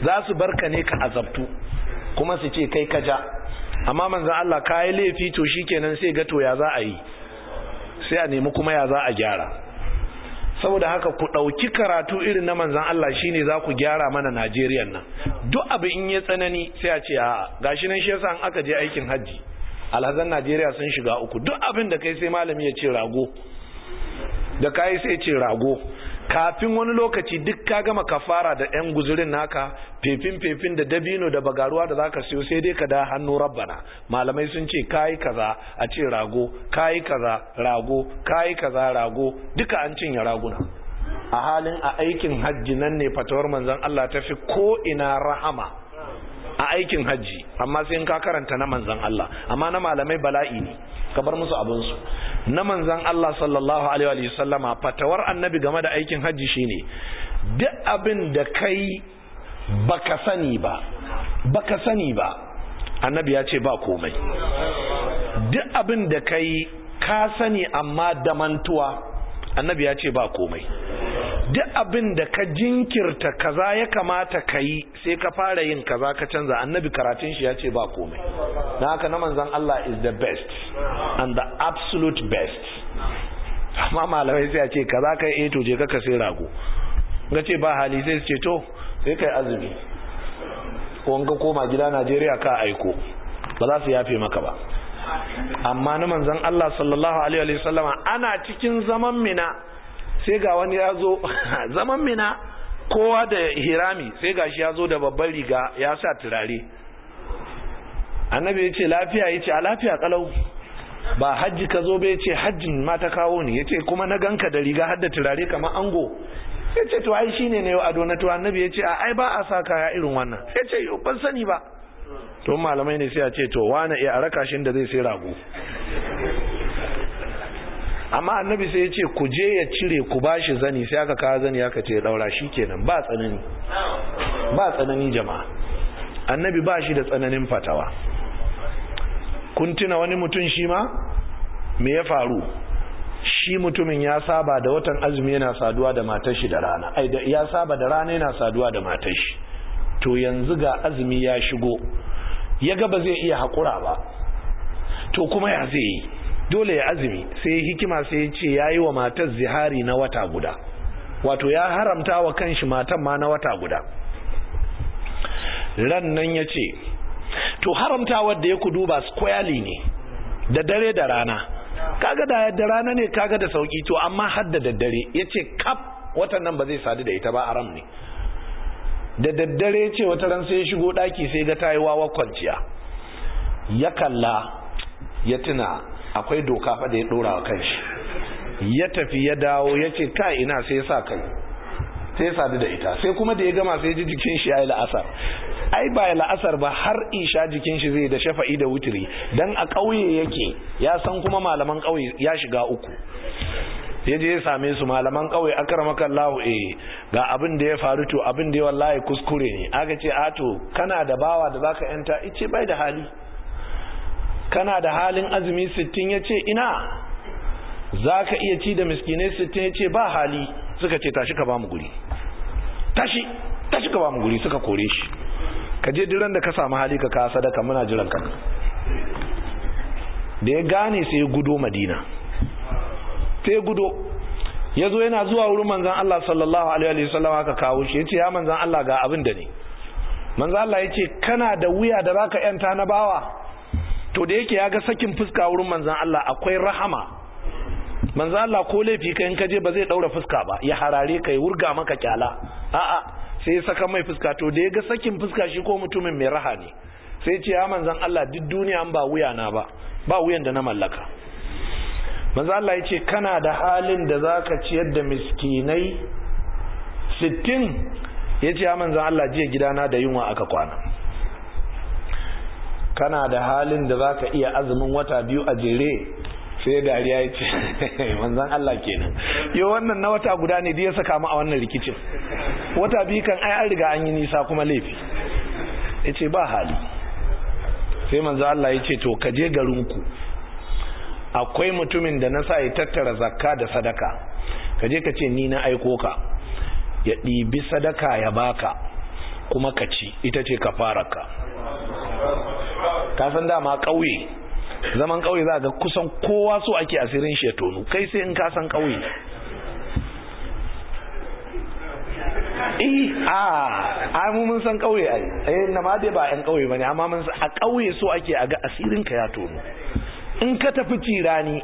A: za su barka ne ka azabtu kuma su ce kai ka ja amma manzo Allah ka laifi to shikenan sai ga to ya za a yi sai a nemi kuma ya za a gyara saboda haka ku ɗauki karatu irin na manzan Allah shine za ku gyara mana Najeriya nan duk abu in ya tsanani sai a ce a gashi nan shi yasa an aka je aikin hajji alhazan Najeriya sun shiga uku duk abin da kai sai malami ya ce rago da kai sai ce rago kafin wani lokaci duk ka gama kafara da yan guzurin naka fefin fefin da dabino da bagaruwa da zaka siyo sai dai ka da hannu rabbana malamai sun ce kayi kaza a ce rago kayi kaza rago kayi kaza rago duka an cinye raguna a halin a aikin hajji nan ne fatawar manzon Allah ta fi ko ina rahama a aikin hajji amma sai in ka karanta na manzon Allah amma na malamai bala'i ne ka bar musu su. na manzan Allah sallallahu alaihi wa sallama fatawar annabi game da aikin hajji shine duk abin da kai baka sani ba baka sani ba annabi ya ce ba komai duk abin da kai ka sani amma da mantuwa annabi ya ce ba komai duk abin da ka jinkirta kaza ya kamata ka yi sai ka fara yin kaza ka canza annabi karatun shi ya ce ba komai na haka na manzan Allah is the best and the absolute best amma malamai sai a ce kaza ka yi eto eh je ka sai rago ga ce ba hali sai su ce to sai kai azumi ko koma gida Najeriya ka aiko ba za su yafe maka ba amma na manzan Allah sallallahu alaihi wasallama ana cikin zaman mina sai ga wani ya zo zaman mina kowa da hirami sai ga shi ya zo da babbar riga ya sa turare annabi ya ce lafiya ya ce a lafiya kalau ba hajji ka zo bai ce hajjin ma ta kawo ni ya ce kuma na ganka da riga har da turare kamar ango ya ce to ne na yau ado na to annabi ya ce a ai ba a sa kaya irin wannan ya ce ban sani ba to malamai ne sai a ce to wane ya eh, raka shi da zai sai rago amma annabi sai ya ce ku je ya cire ku bashi zani sai aka kawo zani aka ce daura kenan ba tsanani ba tsanani jama'a annabi ba shi da tsananin fatawa kun tuna wani mutum shi ma me ya faru shi mutumin ya saba da watan azumi yana saduwa da matar shi da rana ai ya saba da rana yana saduwa da matar shi to yanzu ga azumi ya shigo ya ga ba zai iya hakura ba to kuma ya zai yi dole ya azumi sai hikima sai ya ce ya yi wa matar zihari na wata guda wato ya haramta wa kanshi matan ma na wata guda ran nan ya ce to haramta da ya ku duba squarely ne da dare da rana kaga da yadda rana ne kaga da sauki to amma har da daddare ya ce kaf watan nan ba zai sadu da ita ba aram ne da daddare ya ce wata ran sai ya shigo daki sai ga tayi wawa kwanciya ya kalla ya tuna akwai doka fa da ya dora wa kanshi ya tafi ya dawo ya ce ka ina sai sa kai sai ya sadu da ita sai kuma da ya gama sai ji jikin shi ya yi la'asar ai ba ya la'asar ba har isha jikin shi zai da shafa'i da wuturi dan a ƙauye yake ya san kuma malaman ƙauye ya shiga uku ya je ya same su malaman ƙauye akramaka Allahu eh ga abin da ya faru to abin da wallahi kuskure ne aka ce a to kana da bawa da zaka yanta ice bai da hali kana da halin azumi sittin ya ce ina za ka iya ci da miskinai sittin ya ce ba hali suka ce tashi ka ba mu guri tashi tashi ka ba mu guri suka kore shi ka je diran da ka samu hali ka kasa sadaka muna jiran ka da ya gane sai ya gudo madina sai ya gudo ya zo yana zuwa wurin manzan Allah sallallahu alaihi wasallam aka kawo shi ya ce ya manzan Allah ga abin da ne manzan Allah ya ce kana da wuya da za ka yanta na bawa to da yake ya ga sakin fuska wurin manzan Allah akwai rahama manzan Allah ko laifi ka in ka je ba zai daura fuska ba ya harare ka ya wurga maka kyala a'a sai ya saka mai fuska to da ya ga sakin fuska shi ko mutumin mai raha ne sai ce ya manzan Allah duk duniya an ba wuya na ba ba wuyan da na mallaka manzan Allah ya kana da halin da zaka ciyar da miskinai sittin ya ce ya manzan Allah jiya gidana da yunwa aka kwana kana da halin da za ka iya azumin wata biyu a jere sai dariya ya ce manzan Allah kenan yau wannan na wata guda ne da ya saka mu a wannan rikicin wata biyu kan ai an riga an yi nisa kuma laifi ya ce ba hali sai manzan Allah ya ce to ka je ku akwai mutumin da na sa ya tattara zakka da sadaka ka je ka ce ni na aiko ka ya ɗibi sadaka ya baka kuma ka ci ita ce ka fara ka ka san dama ƙauye zaman ƙauye za ga kusan kowa so ake asirin shi ya tonu kai sai in ka san ƙauye eh a mu mun san ƙauye ai eh na ma dai ba ƴan ƙauye bane amma mun san a ƙauye so ake a ga asirin ka ya tono in ka tafi tirani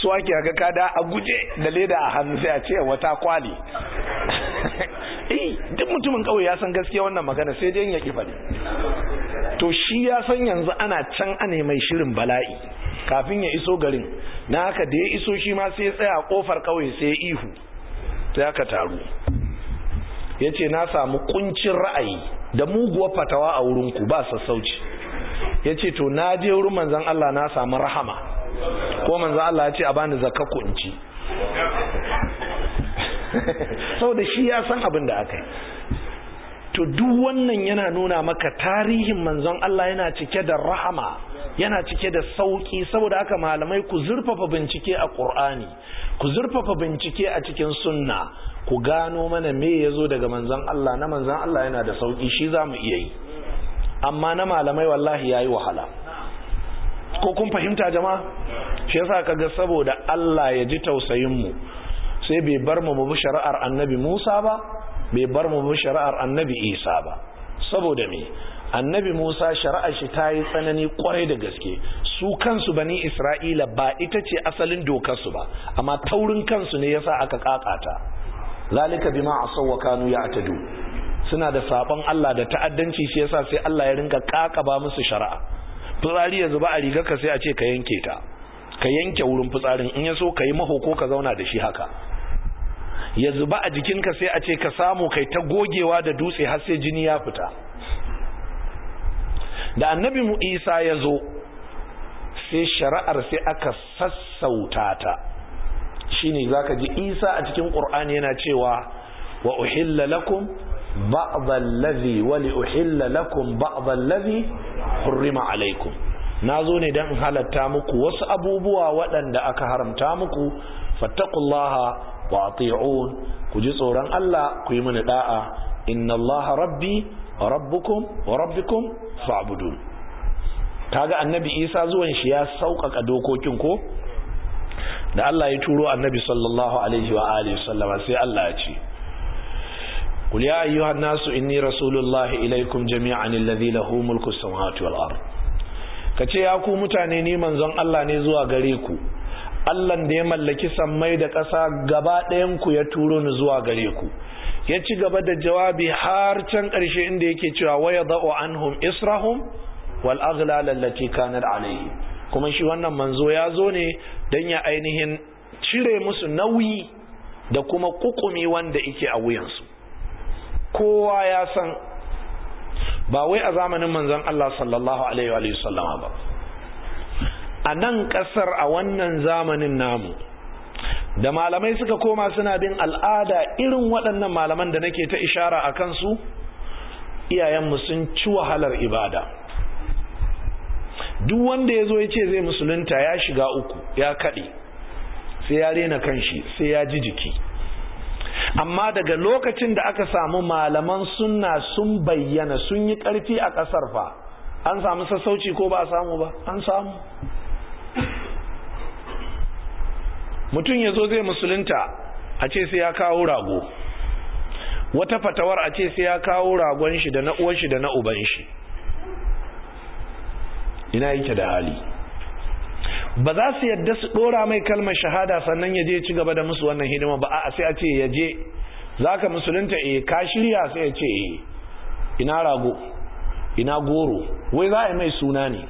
A: su ake haka kada a guje da leda a hannu sai a ce wata kwali eh duk mutumin kawai ya san gaskiya wannan magana sai dai ya ki fadi to shi ya san yanzu ana can ane mai shirin bala'i kafin ya iso garin na haka da ya iso shi ma sai ya tsaya kofar kawai sai ya ihu sai aka taru ya ce na samu kuncin ra'ayi da muguwa fatawa a wurinku ba sassauci ya ce to na je wurin manzan Allah na samu rahama ko manzo Allah ya ce a bani zakka in ci saboda shi ya san abin da aka yi to duk wannan yana nuna maka tarihin manzon Allah yana cike da rahama yana cike da sauki saboda aka malamai ku zurfafa bincike a Qur'ani ku zurfafa bincike a cikin sunna ku gano mana me yazo daga manzon Allah na manzon Allah yana da sauki shi zamu iya yi amma na malamai wallahi yayi wahala ko kun fahimta jama'a shi yasa ga saboda Allah ya ji tausayin mu sai bai bar mu bu shari'ar annabi Musa ba bai bar mu bu shari'ar annabi Isa ba saboda me annabi Musa shari'ar shi ta yi tsanani kwarai da gaske su kansu bani Isra'ila ba ita ce asalin dokar su ba amma taurin kansu ne yasa aka kakata lalika bima asaw wa kanu ya'tadu suna da sabon Allah da ta'addanci shi yasa sai Allah ya rinka kakaba musu shari'a fitsari yanzu ba a riga ka sai a ce ka yanke ta ka yanke wurin fitsarin in ya so ka yi maho ko ka zauna da shi haka ya zuba a jikinka sai a ce ka samu kai ta gogewa da dutse har sai jini ya fita da annabi mu isa ya zo sai shari'ar sai aka sassauta ta Shi ne za ka ji isa a cikin ƙur'ani yana cewa wa uhilla lakum بعض الذي ولأحل لكم بعض الذي حرم عليكم nazo ne dan halatta muku wasu abubuwa waɗanda aka haramta muku fattaqullaha wa ati'un ku ji tsoron Allah ku yi mini da'a inna Allah rabbi rabbukum wa rabbikum fa'budun kaga annabi Isa zuwan shi ya sauƙaƙa dokokin ko da Allah ya turo annabi sallallahu alaihi wa alihi sallama sai Allah ya ce قل يا أيها الناس إني رسول الله إليكم جميعا الذي له ملك السماوات والأرض kace ya ku mutane ni manzon Allah ne zuwa gare ku Allah da ya mallaki sammai da ƙasa gaba ɗayan ku ya turo ni zuwa gare ku ya ci gaba da jawabi har can ƙarshe inda yake cewa waya da'u anhum israhum wal aghlal allati kanat alayhi kuma shi wannan manzo ya zo ne dan ya ainihin cire musu nauyi da kuma kukumi wanda yake a wuyansu kowa ya san ba wai a zamanin manzon Allah sallallahu alaihi wa sallama ba a nan kasar a wannan zamanin namu da malamai suka koma suna bin al'ada irin waɗannan malaman da nake ta ishara a kansu iyayenmu sun ci wahalar ibada duk wanda ya zo ya ce zai musulunta ya shiga uku ya kaɗe sai ya rena kanshi sai ya ji jiki amma daga lokacin da aka samu malaman sunna sun bayyana sun yi ƙarfi a ƙasar fa an samu sassauci ko ba a samu ba an samu mutum ya zo zai musulunta a ce sai ya kawo rago wata fatawar a ce sai ya kawo ragon shi da na uwan shi da na uban shi ina yake da hali ba za su yadda su dora mai kalmar shahada sannan ya je ci gaba da musu wannan hidima ba a sai a ce ya je Za ka musulunta eh ka shirya sai ya ce eh ina rago ina goro wai za a yi mai suna ne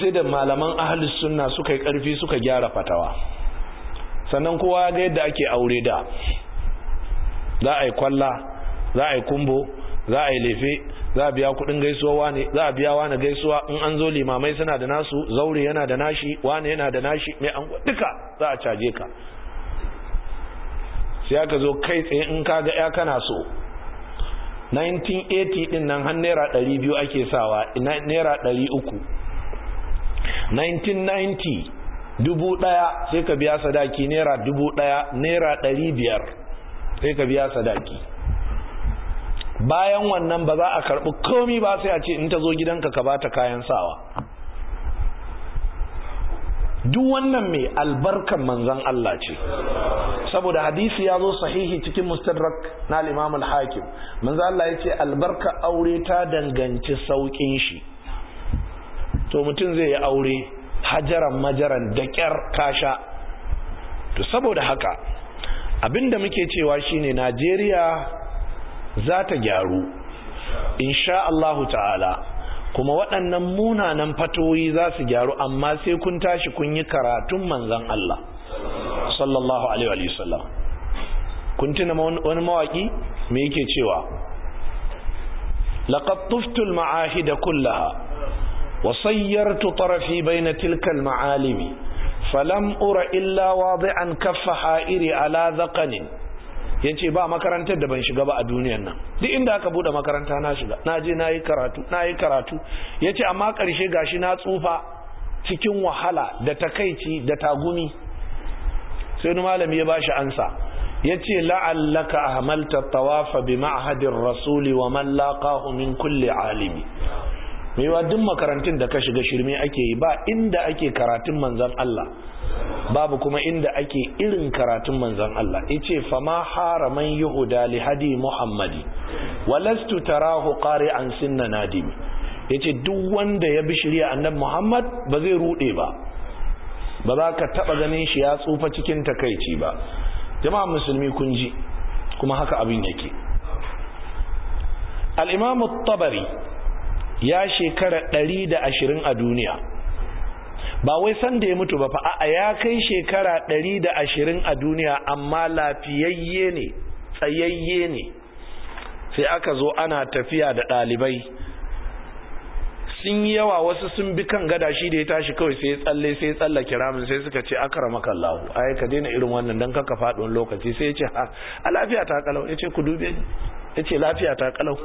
A: sai da malaman ahalus sunna suka yi karfi suka gyara fatawa sannan kowa ga yadda ake aure da za a yi kwalla za a yi kumbo za a yi lefe za a biya kudin gaisuwa wane za a biya wane gaisuwa in an zo limamai suna da nasu zaure yana da nashi wane yana da nashi mai an duka za a caje ka sai aka zo kai tsaye in ka ga ya kana so 1980 din nan har naira biyu ake sawa naira 300 1990 dubu daya sai ka biya sadaki naira dubu daya naira biyar sai ka biya sadaki bayan wannan ba za a karɓi komi ba sai a ce in ta zo gidanka ka bata kayan sawa duk wannan mai albarkan manzan Allah ce saboda hadisi ya zo sahihi cikin mustadrak na al-imam al-hakim manzan Allah ya ce albarka aure ta danganci saukin shi to mutum zai yi aure hajaran majaran da kyar kasha to saboda haka abinda muke cewa shine Najeriya za ta gyaru insha Allahu ta'ala kuma waɗannan munanan fatoyi za su gyaru amma sai kun tashi kun yi karatun manzan Allah sallallahu alaihi wa kun tuna wani mawaki me yake cewa laqad tuftu al-ma'ahida kullaha wa sayyartu tarafi bayna tilka al-ma'alimi falam ura illa wadi'an kaffa ha'iri ala dhaqanin ya ba makarantar da ban shiga ba a duniyan nan duk inda aka bude makaranta na shiga na je na yi karatu na yi karatu ya amma ƙarshe shi na tsufa cikin wahala da takaici da tagumi sai wani malami ya bashi ansa Yace ce la'allaka ahmalta tawafa bi ma'ahadin rasuli wa man laqahu min kulli alimi maiwa duk makarantun da ka shiga shirme ake yi ba inda ake karatun manzan Allah babu kuma inda ake irin karatun manzan Allah ice fama haraman yuhuda li hadi muhammadi walastu tarahu an sinna nadimi yace duk wanda ya bi shirya annabi muhammad ba zai rude ba ba za ka taba ganin shi ya tsufa cikin takaici ba jama'a musulmi kun ji kuma haka abin yake al-imam at-tabari ya shekara ɗari da ashirin a duniya ba wai sanda ya mutu ba fa'a ya kai shekara ɗari da ashirin a duniya amma lafiyayye ne tsayayye ne sai aka zo ana tafiya da ɗalibai sun yi yawa wasu sun bi kan gada shi da ya tashi kawai sai tsalle sai tsalla kiramin sai suka ce akara maka a yi ka daina irin wannan don kaka faɗin lokaci sai ya ce ha a lafiya ta kalau ya ce ku dube ya ce lafiya ta kalau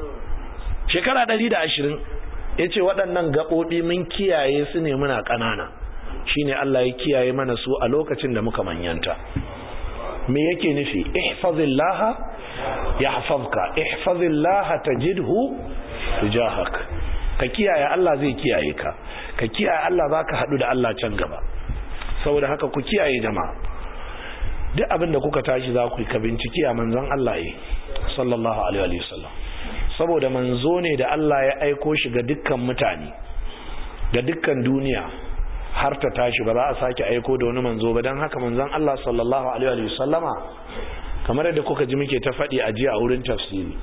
A: shekara ɗari da ashirin ya ce waɗannan gaɓoɓi mun kiyaye su ne muna ƙanana shi ne Allah ya kiyaye mana su a lokacin da muka manyanta me yake nufi Laha ya ihfazillaha yahfazka ihfazillaha tajidhu tujahak ka kiyaye Allah zai kiyaye ka ka kiyaye Allah za ka haɗu da Allah can gaba saboda haka ku kiyaye jama'a duk abin da kuka tashi za ku yi ka bincike a manzon Allah sallallahu alaihi wasallam saboda manzo ne da Allah ya aiko shi ga dukkan mutane ga dukkan duniya har ta tashi ba za a sake aiko da wani manzo ba don haka manzon Allah sallallahu alaihi wasallama kamar yadda kuka ji muke ta faɗi a jiya a wurin tafsiri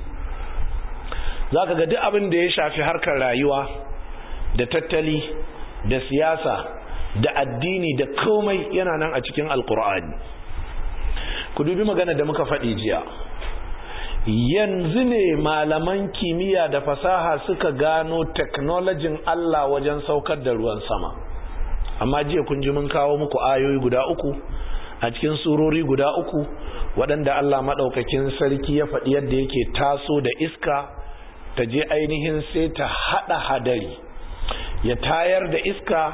A: za ka ga duk abin da ya shafi harkar rayuwa da tattali da siyasa da addini da komai yana nan a cikin alkur'ani ku dubi magana da muka faɗi jiya yanzu ne malaman kimiyya da fasaha suka gano teknolojin Allah wajen saukar da ruwan sama amma jiya kun ji mun kawo muku ayoyi guda uku a cikin surori guda uku waɗanda Allah maɗaukakin sarki ya faɗi yadda yake taso da iska ta je ainihin sai ta haɗa hadari ya tayar da iska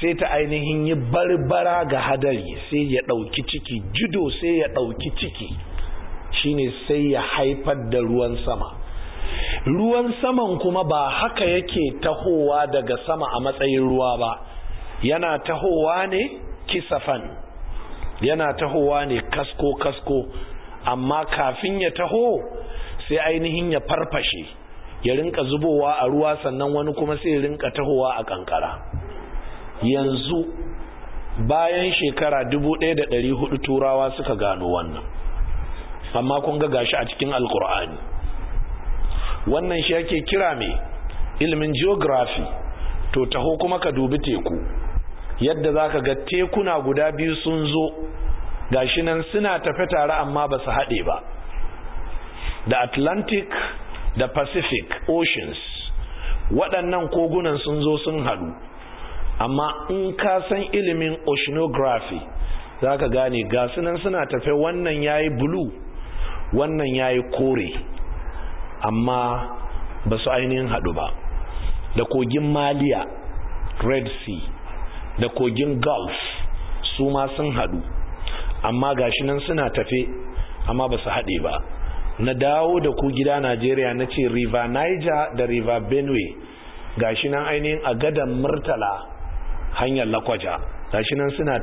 A: sai ta ainihin yi barbara ga hadari sai ya ɗauki ciki judo sai ya ɗauki ciki shine sai ya haifar da ruwan sama ruwan saman kuma ba haka yake tahowa daga sama a matsayin ruwa ba yana tahowa ne kisafan yana tahowa ne kasko-kasko amma kafin ya taho sai ainihin ya farfashe ya rinka zubowa a ruwa sannan wani kuma sai ya rinka tahowa a kankara yanzu bayan shekara 1400 turawa suka gano wannan amma kun ga gashi a cikin alkur'ani wannan shi yake kira mai ilimin geography to taho kuma ka dubi teku yadda zaka ga tekuna guda biyu sun zo gashi nan suna tafe tare amma ba su haɗe ba da atlantic da pacific oceans waɗannan kogunan sun zo sun haɗu amma in ka san ilimin oceanography za ka gane gasunan nan suna tafe wannan yayi blue wannan ya yi kore amma ba su ainihin haɗu ba da kogin Malia, red sea da kogin gulf su ma sun haɗu amma gashi nan suna tafe amma ba su haɗe ba na dawo da ku gida najeriya na ce river niger da river benue gashi nan ainihin a gadan murtala hanyar lakwaja gashi nan suna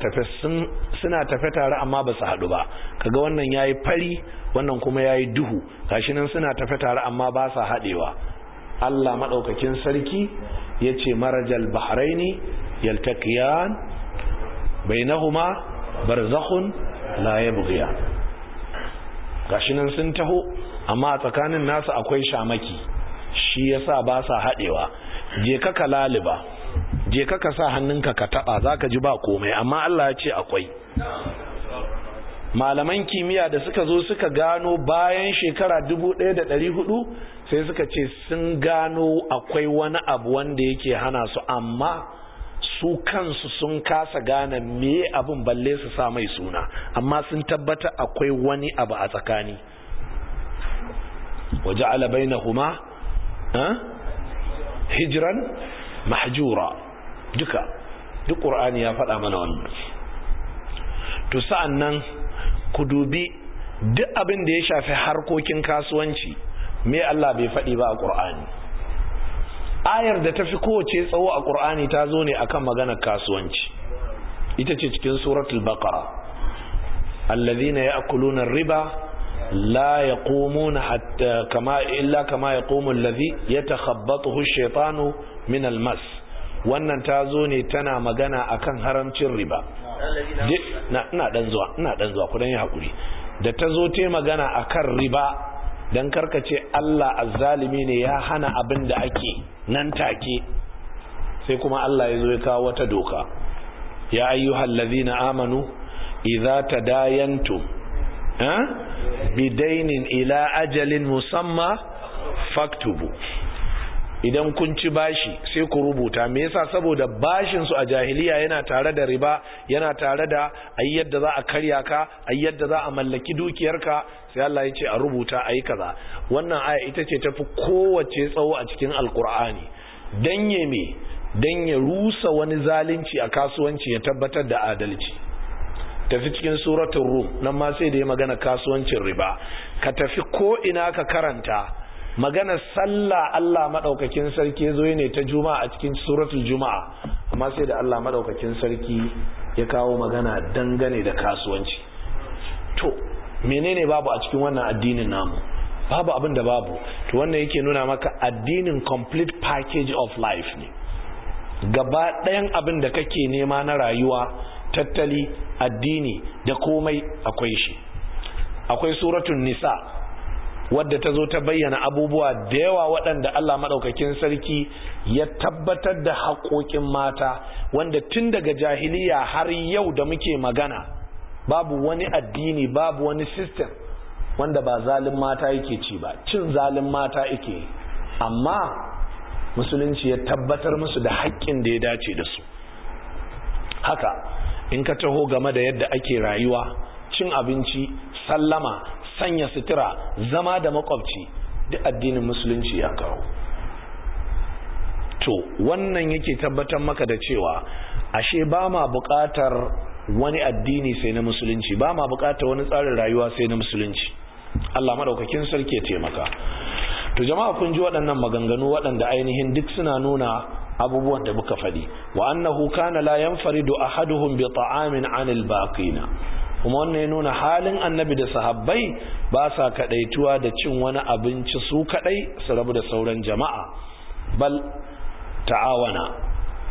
A: tafe tare amma ba su haɗu ba kaga wannan yayi fari wannan kuma yayi duhu gashi nan suna tafe tare amma ba sa haɗewa Allah madaukakin sarki yace marajal bahraini yaltaqiyan bainahuma barzakhun la yabghiya gashi nan sun taho amma a tsakanin nasu akwai shamaki shi yasa ba sa haɗewa je ka kalaliba je ka ka sa hannunka ka taba ka ji ba komai amma Allah ya ce akwai malaman kimiyya da suka zo suka gano bayan shekara 1400 sai suka ce sun gano akwai wani abu wanda yake hana su amma su kansu sun kasa gane me abin balle su sa mai suna amma sun tabbata akwai wani abu a tsakani waje alabai na kuma eh, hijiran mahjura duka duk ƙur'ani ya faɗa mana wannan to sa'an nan ku dubi duk abin da ya shafi harkokin kasuwanci me Allah bai faɗi ba a ƙur'ani ayar da ta fi kowace tsawo a ƙur'ani ta zo ne akan maganar kasuwanci ita ce cikin suratul baqara allazina ya'kuluna riba لا يقومون حتى كما إلا كما يقوم الذي يتخبطه الشيطان من المس wannan ta zo ne tana magana akan haramcin riba ina dan zuwa ina dan zuwa ku dan yi hakuri da ta zo te magana akan riba dan ce Allah azzalimi ne ya hana abin da ake nan take sai kuma Allah ya zo ya kawo wata doka ya ayyuhal ladzina amanu idza tadayantum ha eh, bidainin ila ajalin musamma faktubu idan kun ci bashi sai ku rubuta me yasa saboda bashin su a jahiliya yana tare da riba yana tare da ai yadda za a karya ka ai yadda za a mallaki dukiyarka sai Allah ya ce a rubuta ayi kaza wannan aya ita ce tafi kowace tsawo a cikin alkur'ani dan ya me dan ya rusa wani zalunci a kasuwanci ya tabbatar da adalci tafi cikin suratul rum nan ma sai da ya magana kasuwancin riba ka tafi ko ina ka karanta maganar sallah Allah maɗaukakin sarki zo ne ta juma'a a cikin suratul juma'a amma sai da Allah maɗaukakin sarki ya kawo magana dangane da kasuwanci to menene babu a cikin wannan addinin namu babu abin da babu to wannan yake nuna maka addinin complete package of life ne gaba ɗayan abin da kake nema na rayuwa tattali addini da komai akwai shi akwai suratun nisa wadda ta zo ta bayyana abubuwa da yawa waɗanda Allah maɗaukakin sarki ya tabbatar da haƙoƙin mata wanda tun daga jahiliya har yau da muke magana babu wani addini babu wani system wanda ba zalin mata yake ci ba cin zalin mata yake amma musulunci ya tabbatar musu da haƙƙin da ya dace da su haka in ka taho game da yadda ake rayuwa cin abinci sallama sanya sutura zama da makwabci duk addinin musulunci ya kawo to wannan yake tabbatar maka da cewa ashe ba ma buƙatar wani addini sai na musulunci ba ma buƙatar wani tsarin rayuwa sai na musulunci Allah madaukakin sarki ya taimaka to jama'a kun ji waɗannan maganganu waɗanda ainihin duk suna nuna abubuwan da muka faɗi wa annahu kana la yanfaridu ahaduhum bi ta'amin 'anil baqina kuma wannan ya nuna halin annabi da sahabbai ba sa kadaituwa da cin wani abinci su kadai su rabu da sauran jama'a bal ta'awana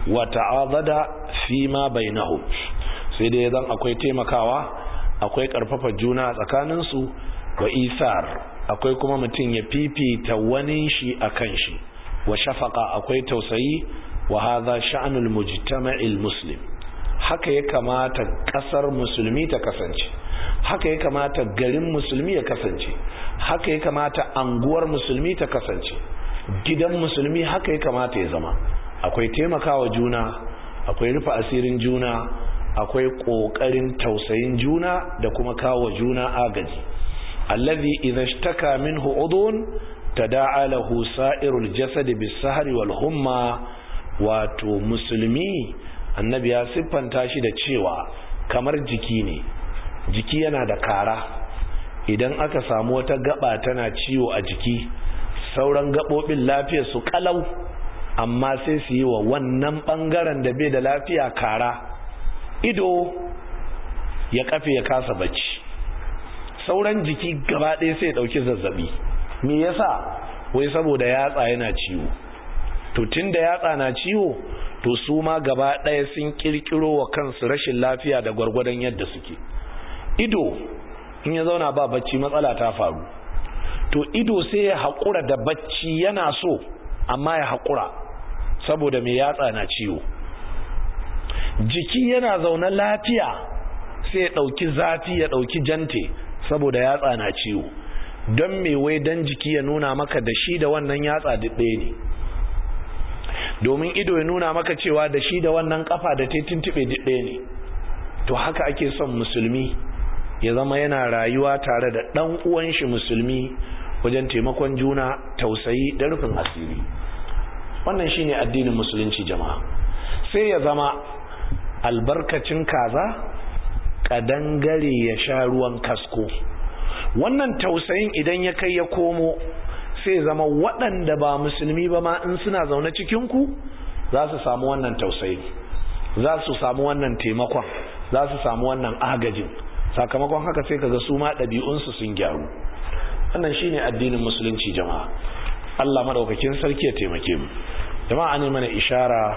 A: wa ta'azada fi ma bainahu sai dai zan akwai taimakawa akwai karfafa juna tsakanin su wa isar akwai kuma mutum ya fifita wani shi akan shi wa shafaqa akwai tausayi wa hadha sha'nul mujtama'il muslim haka ya kamata kasar musulmi ta kasance haka ya kamata garin musulmi ya kasance haka ya kamata anguwar musulmi ta kasance gidan musulmi haka ya kamata ya zama akwai taimakawa juna akwai rufe asirin juna akwai ƙoƙarin tausayin juna da kuma kawo juna agaji allazi idza shtaka minhu udun tada'a lahu sa'irul jasad bis sahri wal humma wato musulmi annabi ya siffanta shi da cewa kamar jiki ne jiki yana da kara idan aka samu wata gaba tana ciwo a jiki sauran gabobin lafiya su kalau amma sai su yi wa wannan bangaren da bai da lafiya kara ido ya kafe ya kasa bacci sauran jiki gaba ɗaya sai ɗauki zazzabi me yasa wai saboda yatsa yana ciwo to tunda yatsa na ciwo to su ma gaba ɗaya sun kirkiro wa kansu rashin lafiya da gwargwadon yadda suke ido in ya zauna ba bacci matsala ta faru to ido sai ya haƙura da bacci yana so amma ya haƙura saboda mai yatsa na ciwo jiki yana zaune lafiya sai ya ɗauki zafi ya ɗauki jante saboda yatsa na ciwo don mewai wai don jiki ya nuna maka da shi da wannan yatsa duk ɗaya ne domin ido ya nuna maka cewa da shi da wannan kafa da ta tuntube ɗaya ne to haka ake son musulmi ya zama yana rayuwa tare da ɗan uwan shi musulmi wajen taimakon juna tausayi da rufin asiri wannan shine addinin musulunci jama'a sai ya zama albarkacin kaza kadangare ya sha ruwan kasko wannan tausayin idan ya kai ya komo sai zama waɗanda ba musulmi ba ma in suna zaune cikinku za su samu wannan tausayi za su samu wannan taimakon za su samu wannan agajin sakamakon haka sai kaga su ma ɗabi'unsu sun gyaru wannan shine addinin musulunci jama'a Allah madaukakin sarki ya taimake mu jama'a ne mana ishara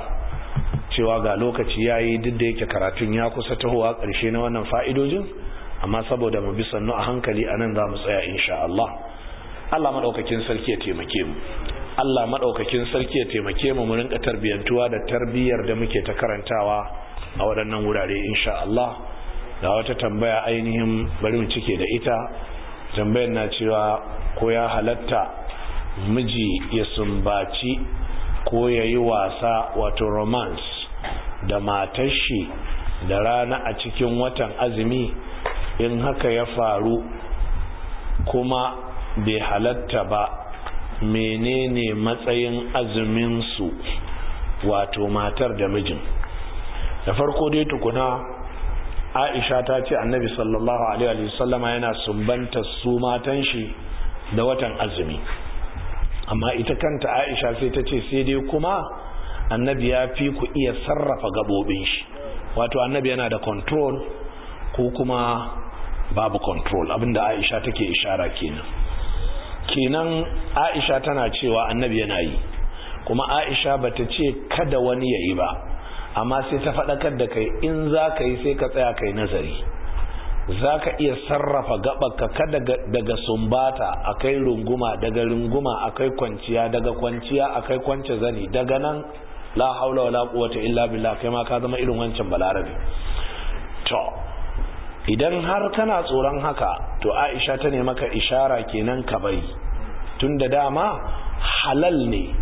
A: cewa ga lokaci yayi duk da yake karatun ya kusa tahowa ƙarshe na wannan fa'idojin amma saboda mu bi sannu a hankali anan za mu tsaya insha Allah Allah madaukakin sarki ya taimake mu Allah madaukakin sarki ya taimake mu mu rinka tarbiyantuwa da tarbiyar da muke ta karantawa a waɗannan wurare insha Allah da wata tambaya ainihin bari mu cike da ita tambayar na cewa ko ya halatta miji ya sumbaci ko ya yi wasa wato romance da matar shi da rana a cikin watan azumi in haka ya faru kuma bai halatta ba menene matsayin azuminsu wato matar da mijin da farko dai tukuna aisha ta ce annabi sallallahu alaihi wasallama yana sumbanta su matan shi da watan azumi amma ita kanta aisha sai ta ce sai dai kuma annabi ya fi ku iya sarrafa gabobin shi wato annabi yana da control ko kuma babu control abinda aisha take ishara kenan kenan aisha tana cewa annabi yana yi kuma aisha bata ce kada wani ya yi ba amma sai ta faɗakar da kai in za ka yi sai ka tsaya kai nazari za ka iya sarrafa gaɓaka kada daga sumbata akai runguma daga runguma akai kwanciya daga kwanciya akai kwance zani daga nan la haula la quwwata illa billah kai ma ka zama irin wancan balarabe to idan har kana tsoron haka to aisha ta ne maka ishara kenan ka bari da dama halal ne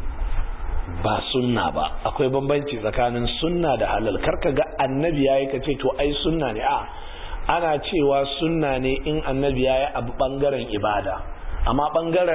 A: ba sunna ba akwai bambanci tsakanin sunna da halal karka ga annabi ya ka ce to ai sunna ne a ana cewa sunna ne in annabi yi abu bangaren ibada amma bangaren